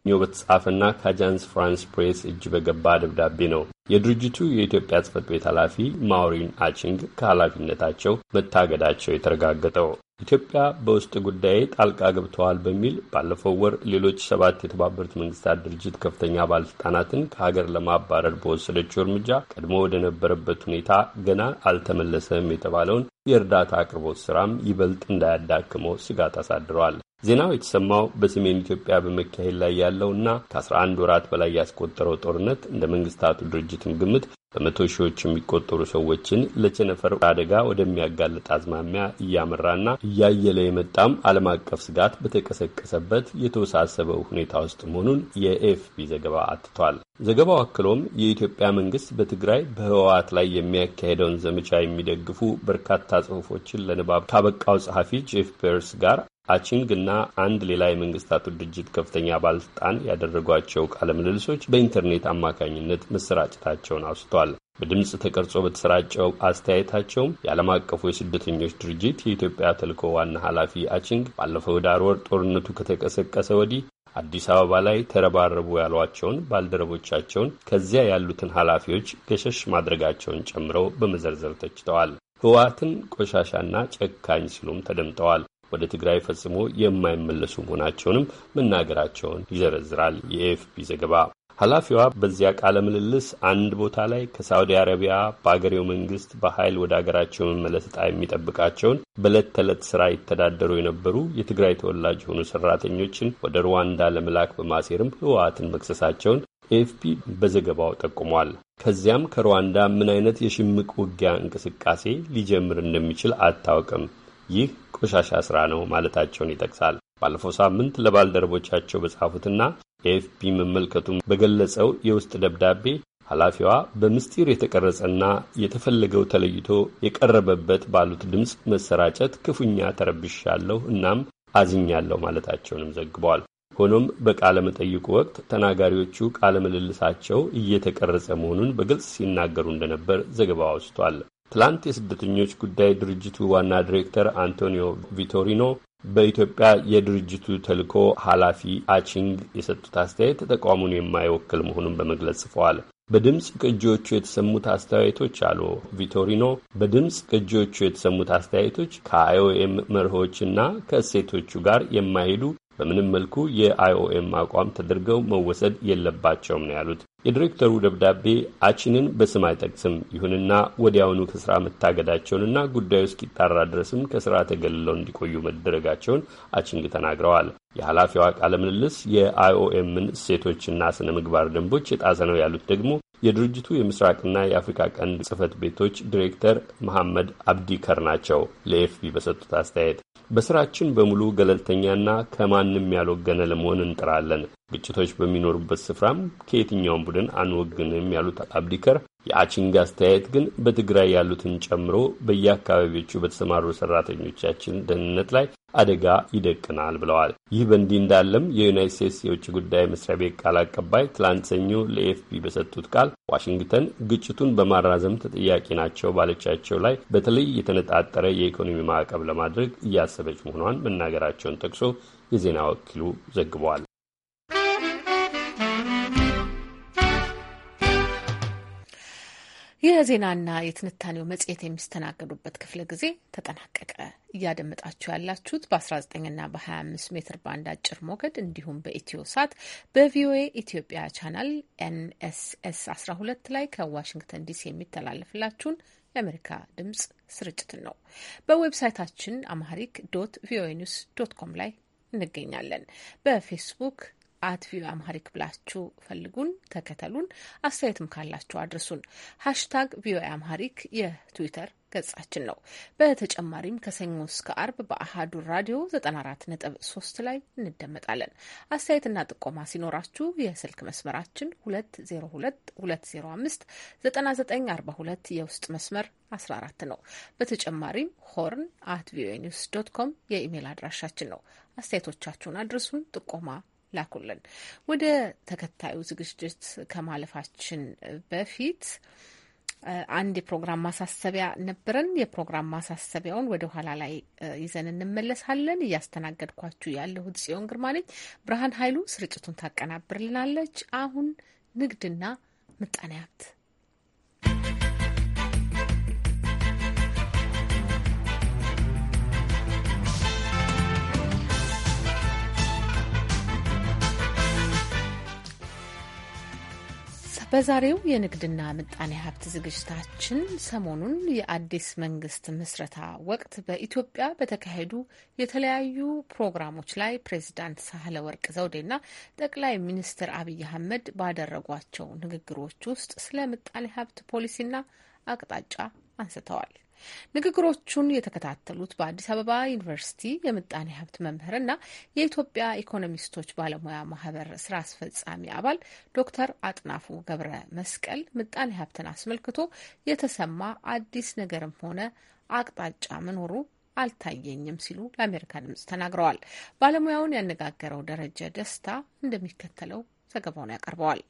ኛው በተጻፈና ከአጃንስ ፍራንስ ፕሬስ እጅ በገባ ደብዳቤ ነው የድርጅቱ የኢትዮጵያ ጽፈት ቤት ኃላፊ ማውሪን አቺንግ ከኃላፊነታቸው መታገዳቸው የተረጋገጠው። ኢትዮጵያ በውስጥ ጉዳይ ጣልቃ ገብተዋል በሚል ባለፈው ወር ሌሎች ሰባት የተባበሩት መንግስታት ድርጅት ከፍተኛ ባለስልጣናትን ከሀገር ለማባረር በወሰደችው እርምጃ ቀድሞ ወደ ነበረበት ሁኔታ ገና አልተመለሰም የተባለውን የእርዳታ አቅርቦት ስራም ይበልጥ እንዳያዳክመው ስጋት አሳድረዋል። ዜናው የተሰማው በሰሜን ኢትዮጵያ በመካሄድ ላይ ያለው እና ከ11 ወራት በላይ ያስቆጠረው ጦርነት እንደ መንግስታቱ ድርጅትም ግምት በመቶ ሺዎች የሚቆጠሩ ሰዎችን ለቸነፈር አደጋ ወደሚያጋልጥ አዝማሚያ እያመራና እያየለ የመጣም ዓለም አቀፍ ስጋት በተቀሰቀሰበት የተወሳሰበው ሁኔታ ውስጥ መሆኑን የኤፍቢ ዘገባ አትቷል። ዘገባው አክሎም የኢትዮጵያ መንግስት በትግራይ በህወሓት ላይ የሚያካሄደውን ዘመቻ የሚደግፉ በርካታ ጽሁፎችን ለንባብ ካበቃው ጸሐፊ ጄፍ ፔርስ ጋር አቺንግ እና አንድ ሌላ የመንግስታቱ ድርጅት ከፍተኛ ባለስልጣን ያደረጓቸው ቃለ ምልልሶች በኢንተርኔት አማካኝነት መሰራጨታቸውን አውስቷል። በድምፅ ተቀርጾ በተሰራጨው አስተያየታቸውም የዓለም አቀፉ የስደተኞች ድርጅት የኢትዮጵያ ተልኮ ዋና ኃላፊ አቺንግ ባለፈው ዳር ወር ጦርነቱ ከተቀሰቀሰ ወዲህ አዲስ አበባ ላይ ተረባረቡ ያሏቸውን ባልደረቦቻቸውን ከዚያ ያሉትን ኃላፊዎች ገሸሽ ማድረጋቸውን ጨምረው በመዘርዘር ተችተዋል። ህወሓትን ቆሻሻና ጨካኝ ሲሉም ተደምጠዋል። ወደ ትግራይ ፈጽሞ የማይመለሱ መሆናቸውንም መናገራቸውን ይዘረዝራል የኤፍፒ ዘገባ። ኃላፊዋ በዚያ ቃለ ምልልስ አንድ ቦታ ላይ ከሳዑዲ አረቢያ በአገሬው መንግስት በኃይል ወደ አገራቸው መመለስ ዕጣ የሚጠብቃቸውን በዕለት ተዕለት ስራ ይተዳደሩ የነበሩ የትግራይ ተወላጅ የሆኑ ሰራተኞችን ወደ ሩዋንዳ ለመላክ በማሴርም ህወሓትን መክሰሳቸውን ኤኤፍፒ በዘገባው ጠቁሟል። ከዚያም ከሩዋንዳ ምን አይነት የሽምቅ ውጊያ እንቅስቃሴ ሊጀምር እንደሚችል አታውቅም ይህ ቆሻሻ ስራ ነው ማለታቸውን ይጠቅሳል። ባለፈው ሳምንት ለባልደረቦቻቸው በጻፉትና ኤኤፍፒ መመልከቱን በገለጸው የውስጥ ደብዳቤ ኃላፊዋ በምስጢር የተቀረጸና የተፈለገው ተለይቶ የቀረበበት ባሉት ድምፅ መሰራጨት ክፉኛ ተረብሻለሁ እናም አዝኛለሁ ማለታቸውንም ዘግበዋል። ሆኖም በቃለ መጠይቁ ወቅት ተናጋሪዎቹ ቃለ ምልልሳቸው እየተቀረጸ መሆኑን በግልጽ ሲናገሩ እንደነበር ዘገባ አውስቷል። ትላንት የስደተኞች ጉዳይ ድርጅቱ ዋና ዲሬክተር አንቶኒዮ ቪቶሪኖ በኢትዮጵያ የድርጅቱ ተልዕኮ ኃላፊ አቺንግ የሰጡት አስተያየት ተቋሙን የማይወክል መሆኑን በመግለጽ ጽፈዋል። በድምፅ ቅጂዎቹ የተሰሙት አስተያየቶች አሉ ቪቶሪኖ፣ በድምፅ ቅጂዎቹ የተሰሙት አስተያየቶች ከአይኦኤም መርሆችና ከእሴቶቹ ጋር የማይሄዱ በምንም መልኩ የአይኦኤም አቋም ተደርገው መወሰድ የለባቸውም ነው ያሉት። የዲሬክተሩ ደብዳቤ አችንን በስም አይጠቅስም። ይሁንና ወዲያውኑ ከስራ መታገዳቸውንና ጉዳዩ እስኪጣራ ድረስም ከስራ ተገልለው እንዲቆዩ መደረጋቸውን አችንግ ተናግረዋል። የኃላፊዋ ቃለ ምልልስ የአይኦኤምን እሴቶችና ስነ ምግባር ደንቦች የጣሰ ነው ያሉት ደግሞ የድርጅቱ የምስራቅና የአፍሪካ ቀንድ ጽህፈት ቤቶች ዲሬክተር መሐመድ አብዲከር ናቸው። ለኤፍፒ በሰጡት አስተያየት በስራችን በሙሉ ገለልተኛና ከማንም ያልወገነ ለመሆን እንጥራለን። ግጭቶች በሚኖሩበት ስፍራም ከየትኛውም ቡድን አንወግንም ያሉት አብዲከር የአቺንግ አስተያየት ግን በትግራይ ያሉትን ጨምሮ በየአካባቢዎቹ በተሰማሩ ሰራተኞቻችን ደህንነት ላይ አደጋ ይደቅናል ብለዋል። ይህ በእንዲህ እንዳለም የዩናይት ስቴትስ የውጭ ጉዳይ መስሪያ ቤት ቃል አቀባይ ትላንት ሰኞ ለኤፍፒ በሰጡት ቃል ዋሽንግተን ግጭቱን በማራዘም ተጠያቂ ናቸው ባለቻቸው ላይ በተለይ የተነጣጠረ የኢኮኖሚ ማዕቀብ ለማድረግ እያሰበች መሆኗን መናገራቸውን ጠቅሶ የዜና ወኪሉ ዘግቧል። የዜናና የትንታኔው መጽሔት የሚስተናገዱበት ክፍለ ጊዜ ተጠናቀቀ። እያደመጣችሁ ያላችሁት በ19ና በ25 ሜትር ባንድ አጭር ሞገድ እንዲሁም በኢትዮ ሳት በቪኦኤ ኢትዮጵያ ቻናል ኤንኤስኤስ 12 ላይ ከዋሽንግተን ዲሲ የሚተላለፍላችሁን የአሜሪካ ድምጽ ስርጭትን ነው። በዌብሳይታችን አማሪክ ዶት ቪኦኤ ኒውስ ዶት ኮም ላይ እንገኛለን። በፌስቡክ አት ቪኦኤ አምሃሪክ ብላችሁ ፈልጉን፣ ተከተሉን። አስተያየትም ካላችሁ አድርሱን። ሀሽታግ ቪኦኤ አምሃሪክ የትዊተር ገጻችን ነው። በተጨማሪም ከሰኞ እስከ አርብ በአሀዱ ራዲዮ 94.3 ላይ እንደመጣለን። አስተያየትና ጥቆማ ሲኖራችሁ የስልክ መስመራችን 2022059942 የውስጥ መስመር 14 ነው። በተጨማሪም ሆርን አት ቪኦኤ ኒውስ ዶት ኮም የኢሜይል አድራሻችን ነው። አስተያየቶቻችሁን አድርሱን። ጥቆማ ላኩልን። ወደ ተከታዩ ዝግጅት ከማለፋችን በፊት አንድ የፕሮግራም ማሳሰቢያ ነበረን። የፕሮግራም ማሳሰቢያውን ወደ ኋላ ላይ ይዘን እንመለሳለን። እያስተናገድኳችሁ ያለሁት ጽዮን ግርማ ነኝ። ብርሃን ኃይሉ ስርጭቱን ታቀናብርልናለች። አሁን ንግድና ምጣኔ ሀብት በዛሬው የንግድና ምጣኔ ሀብት ዝግጅታችን ሰሞኑን የአዲስ መንግስት ምስረታ ወቅት በኢትዮጵያ በተካሄዱ የተለያዩ ፕሮግራሞች ላይ ፕሬዚዳንት ሳህለ ወርቅ ዘውዴና ጠቅላይ ሚኒስትር አብይ አህመድ ባደረጓቸው ንግግሮች ውስጥ ስለ ምጣኔ ሀብት ፖሊሲና አቅጣጫ አንስተዋል። ንግግሮቹን የተከታተሉት በአዲስ አበባ ዩኒቨርሲቲ የምጣኔ ሀብት መምህር እና የኢትዮጵያ ኢኮኖሚስቶች ባለሙያ ማህበር ስራ አስፈጻሚ አባል ዶክተር አጥናፉ ገብረ መስቀል ምጣኔ ሀብትን አስመልክቶ የተሰማ አዲስ ነገርም ሆነ አቅጣጫ መኖሩ አልታየኝም ሲሉ ለአሜሪካ ድምጽ ተናግረዋል። ባለሙያውን ያነጋገረው ደረጀ ደስታ እንደሚከተለው ዘገባውን ያቀርበዋል።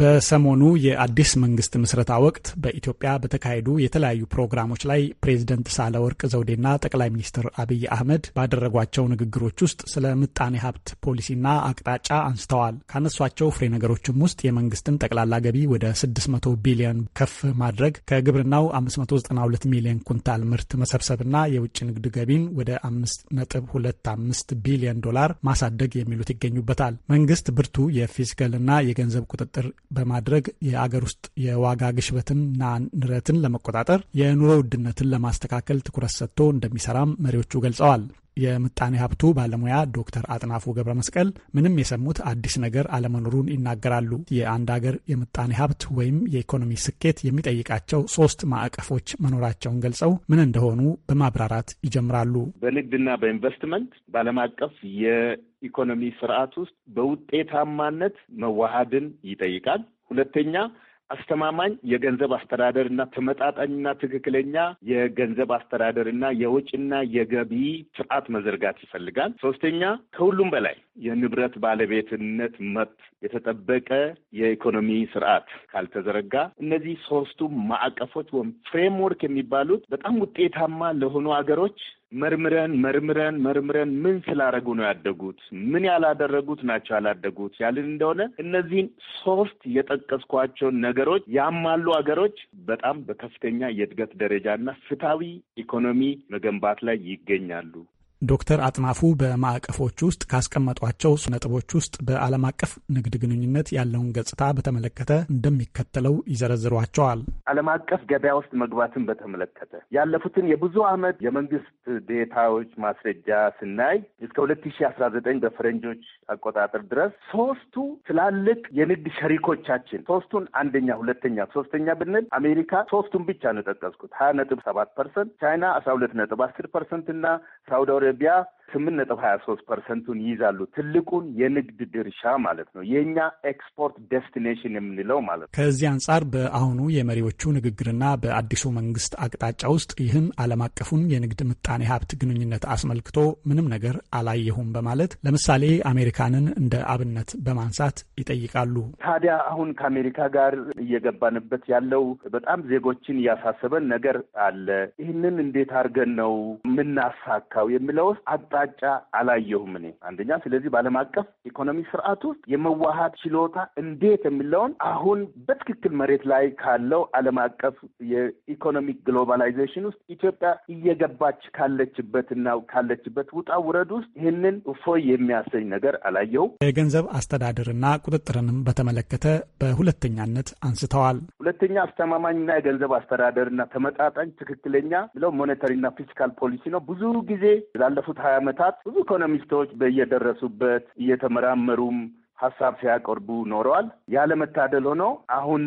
በሰሞኑ የአዲስ መንግስት ምስረታ ወቅት በኢትዮጵያ በተካሄዱ የተለያዩ ፕሮግራሞች ላይ ፕሬዝደንት ሳህለወርቅ ዘውዴና ጠቅላይ ሚኒስትር አብይ አህመድ ባደረጓቸው ንግግሮች ውስጥ ስለ ምጣኔ ሀብት ፖሊሲና አቅጣጫ አንስተዋል። ካነሷቸው ፍሬ ነገሮችም ውስጥ የመንግስትን ጠቅላላ ገቢ ወደ 600 ቢሊዮን ከፍ ማድረግ፣ ከግብርናው 592 ሚሊዮን ኩንታል ምርት መሰብሰብና የውጭ ንግድ ገቢን ወደ 5.25 ቢሊዮን ዶላር ማሳደግ የሚሉት ይገኙበታል። መንግስት ብርቱ የፊስካልና የገንዘብ ቁጥጥር በማድረግ የአገር ውስጥ የዋጋ ግሽበትንና ንረትን ለመቆጣጠር፣ የኑሮ ውድነትን ለማስተካከል ትኩረት ሰጥቶ እንደሚሰራም መሪዎቹ ገልጸዋል። የምጣኔ ሀብቱ ባለሙያ ዶክተር አጥናፉ ገብረ መስቀል ምንም የሰሙት አዲስ ነገር አለመኖሩን ይናገራሉ። የአንድ ሀገር የምጣኔ ሀብት ወይም የኢኮኖሚ ስኬት የሚጠይቃቸው ሶስት ማዕቀፎች መኖራቸውን ገልጸው ምን እንደሆኑ በማብራራት ይጀምራሉ። በንግድና በኢንቨስትመንት በዓለም አቀፍ የኢኮኖሚ ስርዓት ውስጥ በውጤታማነት መዋሃድን ይጠይቃል። ሁለተኛ አስተማማኝ የገንዘብ አስተዳደርና ተመጣጣኝና ትክክለኛ የገንዘብ አስተዳደርና የውጭና የገቢ ስርዓት መዘርጋት ይፈልጋል። ሶስተኛ፣ ከሁሉም በላይ የንብረት ባለቤትነት መብት የተጠበቀ የኢኮኖሚ ስርዓት ካልተዘረጋ እነዚህ ሶስቱ ማዕቀፎች ወይም ፍሬምወርክ የሚባሉት በጣም ውጤታማ ለሆኑ ሀገሮች መርምረን መርምረን መርምረን ምን ስላደረጉ ነው ያደጉት? ምን ያላደረጉት ናቸው ያላደጉት ያልን እንደሆነ እነዚህን ሶስት የጠቀስኳቸውን ነገሮች ያማሉ ሀገሮች በጣም በከፍተኛ የእድገት ደረጃና ፍትሐዊ ኢኮኖሚ መገንባት ላይ ይገኛሉ። ዶክተር አጥናፉ በማዕቀፎች ውስጥ ካስቀመጧቸው ነጥቦች ውስጥ በዓለም አቀፍ ንግድ ግንኙነት ያለውን ገጽታ በተመለከተ እንደሚከተለው ይዘረዝሯቸዋል። ዓለም አቀፍ ገበያ ውስጥ መግባትን በተመለከተ ያለፉትን የብዙ ዓመት የመንግስት ዴታዎች ማስረጃ ስናይ እስከ ሁለት ሺህ አስራ ዘጠኝ በፈረንጆች አቆጣጠር ድረስ ሶስቱ ትላልቅ የንግድ ሸሪኮቻችን ሶስቱን አንደኛ፣ ሁለተኛ፣ ሶስተኛ ብንል አሜሪካ ሶስቱን ብቻ ነው የጠቀስኩት ሀያ ነጥብ ሰባት ፐርሰንት፣ ቻይና አስራ ሁለት ነጥብ አስር ፐርሰንት እና ሳውዲ አረቢያ ኢትዮጵያ ስምንት ነጥብ ሀያ ሶስት ፐርሰንቱን ይይዛሉ። ትልቁን የንግድ ድርሻ ማለት ነው። የእኛ ኤክስፖርት ዴስቲኔሽን የምንለው ማለት ነው። ከዚህ አንጻር በአሁኑ የመሪዎቹ ንግግርና በአዲሱ መንግስት አቅጣጫ ውስጥ ይህን ዓለም አቀፉን የንግድ ምጣኔ ሀብት ግንኙነት አስመልክቶ ምንም ነገር አላየሁም በማለት ለምሳሌ አሜሪካንን እንደ አብነት በማንሳት ይጠይቃሉ። ታዲያ አሁን ከአሜሪካ ጋር እየገባንበት ያለው በጣም ዜጎችን እያሳሰበን ነገር አለ። ይህንን እንዴት አድርገን ነው የምናሳካው የሚ ውስጥ አቅጣጫ አላየሁም እኔ አንደኛ። ስለዚህ በዓለም አቀፍ ኢኮኖሚ ስርዓት ውስጥ የመዋሃድ ችሎታ እንዴት የሚለውን አሁን በትክክል መሬት ላይ ካለው ዓለም አቀፍ የኢኮኖሚክ ግሎባላይዜሽን ውስጥ ኢትዮጵያ እየገባች ካለችበትና ካለችበት ውጣ ውረድ ውስጥ ይህንን እፎይ የሚያሰኝ ነገር አላየሁም። የገንዘብ አስተዳደርና ቁጥጥርንም በተመለከተ በሁለተኛነት አንስተዋል። ሁለተኛ አስተማማኝና የገንዘብ አስተዳደርና ተመጣጣኝ ትክክለኛ ብለው ሞኔታሪና ፊስካል ፖሊሲ ነው ብዙ ጊዜ ላለፉት ሀያ ዓመታት ብዙ ኢኮኖሚስቶች በየደረሱበት እየተመራመሩም ሀሳብ ሲያቀርቡ ኖረዋል። ያለመታደል ሆኖ አሁን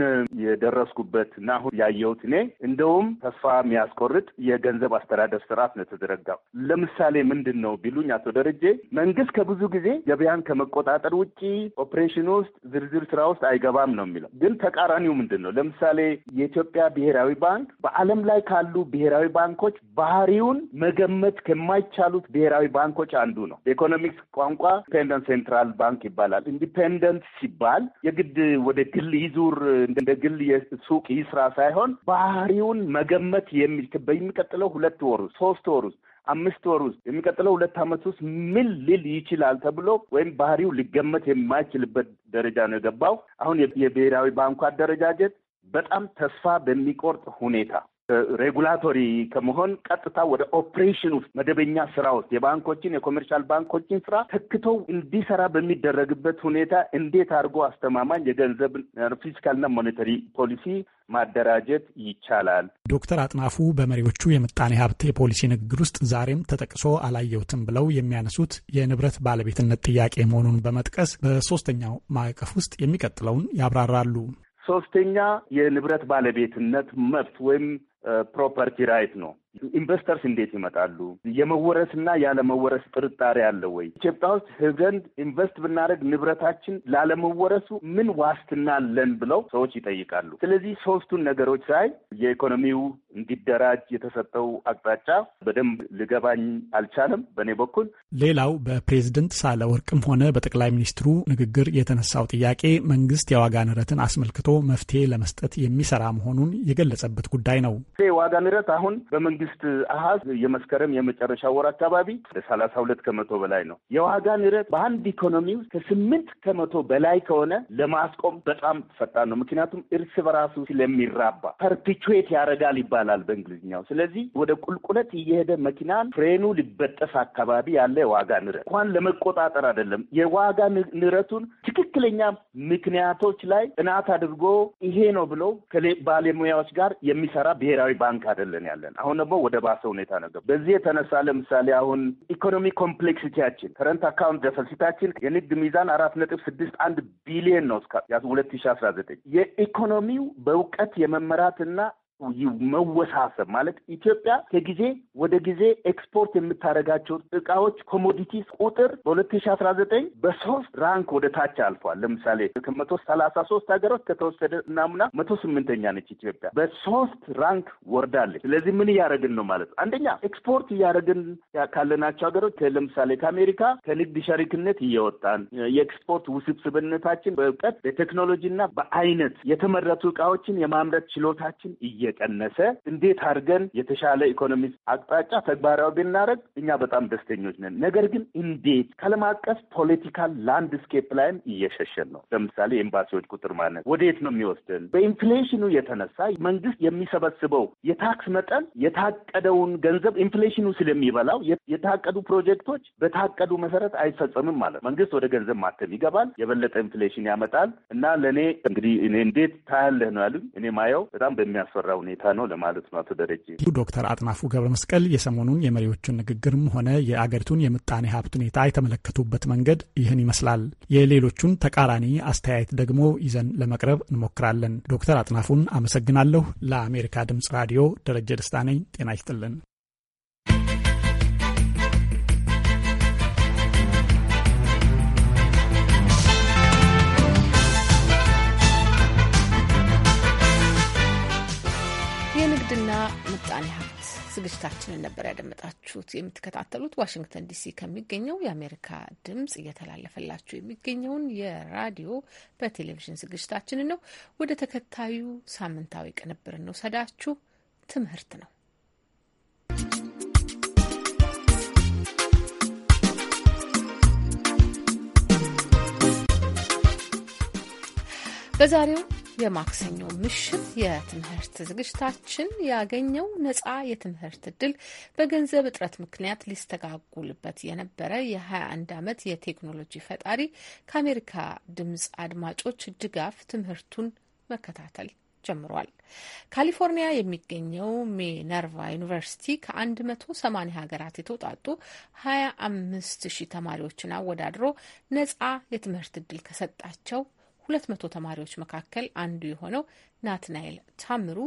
የደረስኩበት እና አሁን ያየሁት እኔ እንደውም ተስፋ የሚያስቆርጥ የገንዘብ አስተዳደር ስርዓት ነው የተዘረጋው። ለምሳሌ ምንድን ነው ቢሉኝ፣ አቶ ደረጀ መንግስት ከብዙ ጊዜ ገበያን ከመቆጣጠር ውጭ ኦፕሬሽን ውስጥ ዝርዝር ስራ ውስጥ አይገባም ነው የሚለው። ግን ተቃራኒው ምንድን ነው? ለምሳሌ የኢትዮጵያ ብሔራዊ ባንክ በዓለም ላይ ካሉ ብሔራዊ ባንኮች ባህሪውን መገመት ከማይቻሉት ብሔራዊ ባንኮች አንዱ ነው። በኢኮኖሚክስ ቋንቋ ኢንዲፔንደንት ሴንትራል ባንክ ይባላል። ኢንዲፔንደንት ሲባል የግድ ወደ ግል ይዙር እንደ ግል የሱቅ ይስራ ሳይሆን ባህሪውን መገመት የሚችል በሚቀጥለው ሁለት ወር ውስጥ ሶስት ወር ውስጥ አምስት ወር ውስጥ የሚቀጥለው ሁለት ዓመት ውስጥ ምን ልል ይችላል ተብሎ ወይም ባህሪው ሊገመት የማይችልበት ደረጃ ነው የገባው። አሁን የብሔራዊ ባንኩ አደረጃጀት በጣም ተስፋ በሚቆርጥ ሁኔታ ሬጉላቶሪ ከመሆን ቀጥታ ወደ ኦፕሬሽን ውስጥ መደበኛ ስራ ውስጥ የባንኮችን የኮሜርሻል ባንኮችን ስራ ተክተው እንዲሰራ በሚደረግበት ሁኔታ እንዴት አድርጎ አስተማማኝ የገንዘብ ፊስካልና ሞኔተሪ ፖሊሲ ማደራጀት ይቻላል። ዶክተር አጥናፉ በመሪዎቹ የምጣኔ ሀብት የፖሊሲ ንግግር ውስጥ ዛሬም ተጠቅሶ አላየሁትም ብለው የሚያነሱት የንብረት ባለቤትነት ጥያቄ መሆኑን በመጥቀስ በሶስተኛው ማዕቀፍ ውስጥ የሚቀጥለውን ያብራራሉ። ሶስተኛ የንብረት ባለቤትነት መብት ወይም Eh, now. ኢንቨስተርስ እንዴት ይመጣሉ? የመወረስና ያለመወረስ ጥርጣሬ አለ ወይ? ኢትዮጵያ ውስጥ ሄደን ኢንቨስት ብናደርግ ንብረታችን ላለመወረሱ ምን ዋስትና አለን ብለው ሰዎች ይጠይቃሉ። ስለዚህ ሶስቱን ነገሮች ሳይ የኢኮኖሚው እንዲደራጅ የተሰጠው አቅጣጫ በደንብ ልገባኝ አልቻለም በእኔ በኩል። ሌላው በፕሬዝደንት ሳህለወርቅም ሆነ በጠቅላይ ሚኒስትሩ ንግግር የተነሳው ጥያቄ መንግስት የዋጋ ንረትን አስመልክቶ መፍትሄ ለመስጠት የሚሰራ መሆኑን የገለጸበት ጉዳይ ነው። ዋጋ ንረት አሁን በመንግስት መንግስት አሀዝ የመስከረም የመጨረሻ ወር አካባቢ ሰላሳ ሁለት ከመቶ በላይ ነው። የዋጋ ንረት በአንድ ኢኮኖሚ ውስጥ ከስምንት ከመቶ በላይ ከሆነ ለማስቆም በጣም ፈጣን ነው። ምክንያቱም እርስ በራሱ ስለሚራባ ፐርፒቹዌት ያደርጋል ይባላል በእንግሊዝኛው። ስለዚህ ወደ ቁልቁለት እየሄደ መኪናን ፍሬኑ ሊበጠስ አካባቢ ያለ የዋጋ ንረት እንኳን ለመቆጣጠር አይደለም የዋጋ ንረቱን ትክክለኛ ምክንያቶች ላይ ጥናት አድርጎ ይሄ ነው ብሎ ከባለሙያዎች ጋር የሚሰራ ብሔራዊ ባንክ አይደለን ያለን አሁን የገባው ወደ ባሰ ሁኔታ ነው ገባ። በዚህ የተነሳ ለምሳሌ አሁን ኢኮኖሚ ኮምፕሌክሲቲያችን ከረንት አካውንት ደፈሲታችን የንግድ ሚዛን አራት ነጥብ ስድስት አንድ ቢሊየን ነው እስከ ሁለት ሺ አስራ ዘጠኝ የኢኮኖሚው በእውቀት የመመራትና መወሳሰብ ማለት ኢትዮጵያ ከጊዜ ወደ ጊዜ ኤክስፖርት የምታደርጋቸው እቃዎች ኮሞዲቲስ ቁጥር በሁለት ሺ አስራ ዘጠኝ በሶስት ራንክ ወደ ታች አልፏል። ለምሳሌ ከመቶ ሰላሳ ሶስት ሀገሮች ከተወሰደ ናሙና መቶ ስምንተኛ ነች ኢትዮጵያ በሶስት ራንክ ወርዳለች። ስለዚህ ምን እያደረግን ነው ማለት ነው? አንደኛ ኤክስፖርት እያደረግን ካለናቸው ሀገሮች ለምሳሌ ከአሜሪካ ከንግድ ሸሪክነት እየወጣን የኤክስፖርት ውስብስብነታችን በእውቀት በቴክኖሎጂና በአይነት የተመረቱ እቃዎችን የማምረት ችሎታችን እየ እየቀነሰ እንዴት አድርገን የተሻለ ኢኮኖሚ አቅጣጫ ተግባራዊ ብናደረግ እኛ በጣም ደስተኞች ነን። ነገር ግን እንዴት ከዓለም አቀፍ ፖለቲካል ላንድስኬፕ ላይም እየሸሸን ነው። ለምሳሌ ኤምባሲዎች ቁጥር ማነስ ወዴት ነው የሚወስድን? በኢንፍሌሽኑ የተነሳ መንግስት የሚሰበስበው የታክስ መጠን የታቀደውን ገንዘብ ኢንፍሌሽኑ ስለሚበላው የታቀዱ ፕሮጀክቶች በታቀዱ መሰረት አይፈጸምም ማለት መንግስት ወደ ገንዘብ ማተም ይገባል፣ የበለጠ ኢንፍሌሽን ያመጣል እና ለእኔ እንግዲህ እኔ እንዴት ታያለህ ነው ያሉኝ። እኔ ማየው በጣም በሚያስፈራ ሁኔታ ነው ለማለት ነው። አቶ ደረጀ ዶክተር አጥናፉ ገብረ መስቀል የሰሞኑን የመሪዎቹን ንግግርም ሆነ የአገሪቱን የምጣኔ ሀብት ሁኔታ የተመለከቱበት መንገድ ይህን ይመስላል። የሌሎቹን ተቃራኒ አስተያየት ደግሞ ይዘን ለመቅረብ እንሞክራለን። ዶክተር አጥናፉን አመሰግናለሁ። ለአሜሪካ ድምጽ ራዲዮ ደረጀ ደስታ ነኝ። ጤና ይስጥልን። ምጣኔ ሀብት ዝግጅታችንን ነበር ያደመጣችሁት። የምትከታተሉት ዋሽንግተን ዲሲ ከሚገኘው የአሜሪካ ድምጽ እየተላለፈላችሁ የሚገኘውን የራዲዮ በቴሌቪዥን ዝግጅታችንን ነው። ወደ ተከታዩ ሳምንታዊ ቅንብር እንውሰዳችሁ። ትምህርት ነው። በዛሬው የማክሰኞ ምሽት የትምህርት ዝግጅታችን ያገኘው ነፃ የትምህርት እድል በገንዘብ እጥረት ምክንያት ሊስተጋጉልበት የነበረ የ21 ዓመት የቴክኖሎጂ ፈጣሪ ከአሜሪካ ድምፅ አድማጮች ድጋፍ ትምህርቱን መከታተል ጀምሯል። ካሊፎርኒያ የሚገኘው ሚነርቫ ዩኒቨርሲቲ ከ180 ሀገራት የተውጣጡ 25 ሺህ ተማሪዎችን አወዳድሮ ነፃ የትምህርት እድል ከሰጣቸው መቶ ተማሪዎች መካከል አንዱ የሆነው ናትናኤል ታምሩ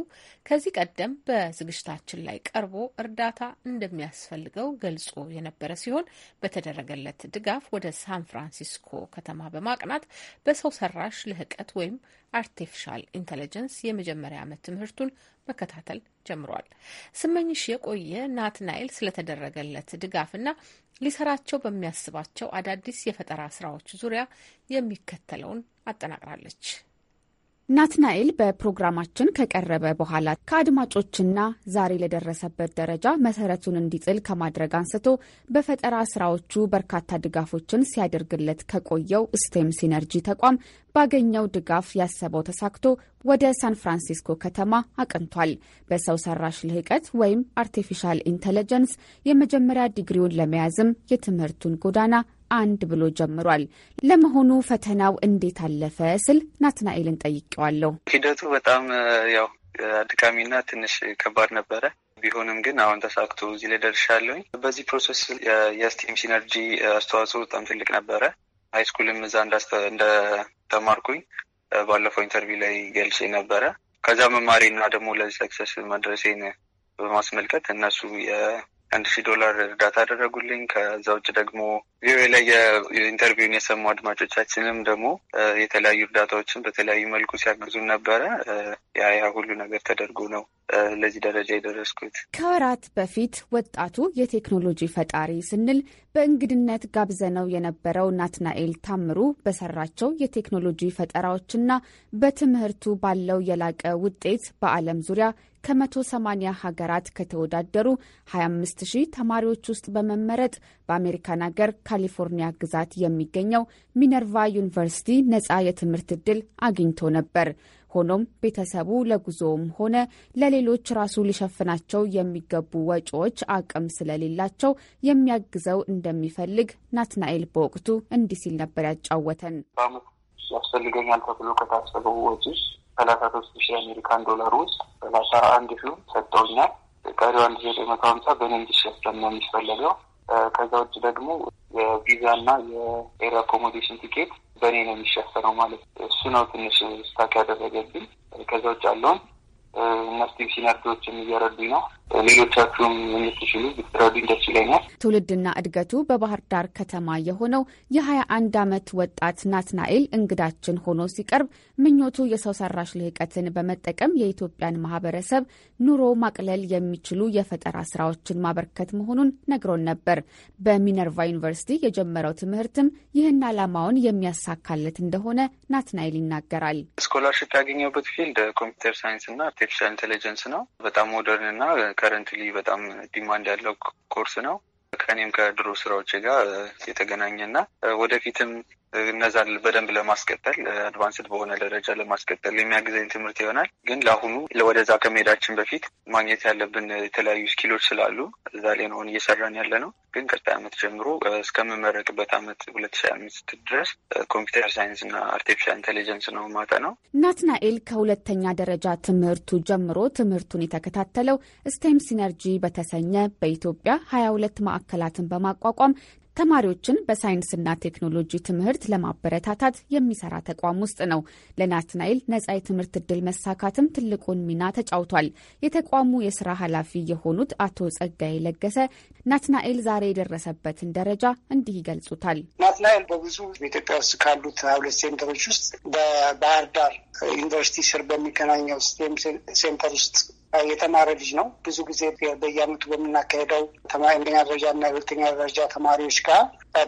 ከዚህ ቀደም በዝግጅታችን ላይ ቀርቦ እርዳታ እንደሚያስፈልገው ገልጾ የነበረ ሲሆን በተደረገለት ድጋፍ ወደ ሳን ፍራንሲስኮ ከተማ በማቅናት በሰው ሰራሽ ልህቀት ወይም አርቲፊሻል ኢንተለጀንስ የመጀመሪያ ዓመት ትምህርቱን መከታተል ጀምሯል። ስመኝሽ የቆየ ናትናኤል ስለተደረገለት ድጋፍና ሊሰራቸው በሚያስባቸው አዳዲስ የፈጠራ ስራዎች ዙሪያ የሚከተለውን አጠናቅራለች። ናትናኤል በፕሮግራማችን ከቀረበ በኋላ ከአድማጮችና ዛሬ ለደረሰበት ደረጃ መሰረቱን እንዲጥል ከማድረግ አንስቶ በፈጠራ ስራዎቹ በርካታ ድጋፎችን ሲያደርግለት ከቆየው ስቴም ሲነርጂ ተቋም ባገኘው ድጋፍ ያሰበው ተሳክቶ ወደ ሳን ፍራንሲስኮ ከተማ አቅንቷል። በሰው ሰራሽ ልህቀት ወይም አርቲፊሻል ኢንተለጀንስ የመጀመሪያ ዲግሪውን ለመያዝም የትምህርቱን ጎዳና አንድ ብሎ ጀምሯል። ለመሆኑ ፈተናው እንዴት አለፈ ስል ናትናኤልን ጠይቄዋለሁ። ሂደቱ በጣም ያው አድካሚና ትንሽ ከባድ ነበረ። ቢሆንም ግን አሁን ተሳክቶ እዚህ ላይ ደርሻለሁኝ። በዚህ ፕሮሰስ የስቲም ሲነርጂ አስተዋጽኦ በጣም ትልቅ ነበረ። ሃይስኩልም እዛ እንደተማርኩኝ ባለፈው ኢንተርቪው ላይ ገልጽ ነበረ። ከዛ መማሬና ደግሞ ለዚህ ሰክሰስ መድረሴን በማስመልከት እነሱ አንድ ሺህ ዶላር እርዳታ አደረጉልኝ። ከዛ ውጭ ደግሞ ቪኦኤ ላይ የኢንተርቪውን የሰሙ አድማጮቻችንም ደግሞ የተለያዩ እርዳታዎችን በተለያዩ መልኩ ሲያግዙን ነበረ። ያ ያ ሁሉ ነገር ተደርጎ ነው ለዚህ ደረጃ የደረስኩት። ከወራት በፊት ወጣቱ የቴክኖሎጂ ፈጣሪ ስንል በእንግድነት ጋብዘነው የነበረው ናትናኤል ታምሩ በሰራቸው የቴክኖሎጂ ፈጠራዎችና በትምህርቱ ባለው የላቀ ውጤት በዓለም ዙሪያ ከ 8 ሀገራት ከተወዳደሩ 25 ሺህ ተማሪዎች ውስጥ በመመረጥ በአሜሪካን ሀገር ካሊፎርኒያ ግዛት የሚገኘው ሚነርቫ ዩኒቨርሲቲ ነጻ የትምህርት ዕድል አግኝቶ ነበር። ሆኖም ቤተሰቡ ለጉዞውም ሆነ ለሌሎች ራሱ ሊሸፍናቸው የሚገቡ ወጪዎች አቅም ስለሌላቸው የሚያግዘው እንደሚፈልግ ናትናኤል በወቅቱ እንዲህ ሲል ነበር ያጫወተን። ያስፈልገኛል ተብሎ ከታሰበው ወጪ ሰላሳ ሶስት ሺህ አሜሪካን ዶላር ውስጥ ሰላሳ አንድ ሺህ ሰጠውኛል። ቀሪው አንድ ዘጠኝ መቶ ሀምሳ በእኔ እንዲሸፈን ነው የሚፈለገው። ከዛ ውጭ ደግሞ የቪዛና የኤር አኮሞዴሽን ቲኬት በእኔ ነው የሚሸፈነው ማለት እሱ ነው ትንሽ ስታክ ያደረገብኝ። ከዛ ውጭ ያለውን እነስቲም ሲነርዶችም እየረዱኝ ነው። ሌሎቻችሁም የምትችሉ ብትረዱኝ ደስ ይለኛል። ትውልድና እድገቱ በባህር ዳር ከተማ የሆነው የሀያ አንድ ዓመት ወጣት ናትናኤል እንግዳችን ሆኖ ሲቀርብ ምኞቱ የሰው ሰራሽ ልህቀትን በመጠቀም የኢትዮጵያን ማህበረሰብ ኑሮ ማቅለል የሚችሉ የፈጠራ ስራዎችን ማበርከት መሆኑን ነግሮን ነበር። በሚነርቫ ዩኒቨርሲቲ የጀመረው ትምህርትም ይህን ዓላማውን የሚያሳካለት እንደሆነ ናትናኤል ይናገራል። ስኮላርሽፕ ያገኘሁበት ፊልድ ኮምፒውተር ሳይንስ እና አርቲፊሻል ኢንቴሊጀንስ ነው። በጣም ሞደርን እና ከረንትሊ በጣም ዲማንድ ያለው ኮርስ ነው። ከእኔም ከድሮ ስራዎች ጋር የተገናኘ እና ወደፊትም እነዛን በደንብ ለማስቀጠል አድቫንስድ በሆነ ደረጃ ለማስቀጠል የሚያግዘኝ ትምህርት ይሆናል። ግን ለአሁኑ ወደዛ ከመሄዳችን በፊት ማግኘት ያለብን የተለያዩ ስኪሎች ስላሉ እዛ ላይ ነሆን እየሰራን ያለ ነው። ግን ቀጣይ ዓመት ጀምሮ እስከምመረቅበት ዓመት ሁለት ሺ አምስት ድረስ ኮምፒውተር ሳይንስ እና አርቲፊሻል ኢንቴሊጀንስ ነው ማጠ ነው። ናትናኤል ከሁለተኛ ደረጃ ትምህርቱ ጀምሮ ትምህርቱን የተከታተለው ስቴም ሲነርጂ በተሰኘ በኢትዮጵያ ሀያ ሁለት ማዕከላትን በማቋቋም ተማሪዎችን በሳይንስና ቴክኖሎጂ ትምህርት ለማበረታታት የሚሰራ ተቋም ውስጥ ነው። ለናትናኤል ነጻ የትምህርት እድል መሳካትም ትልቁን ሚና ተጫውቷል። የተቋሙ የስራ ኃላፊ የሆኑት አቶ ጸጋዬ ለገሰ ናትናኤል ዛሬ የደረሰበትን ደረጃ እንዲህ ይገልጹታል። ናትናኤል በብዙ ኢትዮጵያ ውስጥ ካሉት ሁለት ሴንተሮች ውስጥ በባህር ዳር ዩኒቨርሲቲ ስር በሚገናኘው ስቴም ሴንተር ውስጥ የተማረ ልጅ ነው። ብዙ ጊዜ በየአመቱ በምናካሄደው አንደኛ ደረጃ እና የሁለተኛ ደረጃ ተማሪዎች ጋር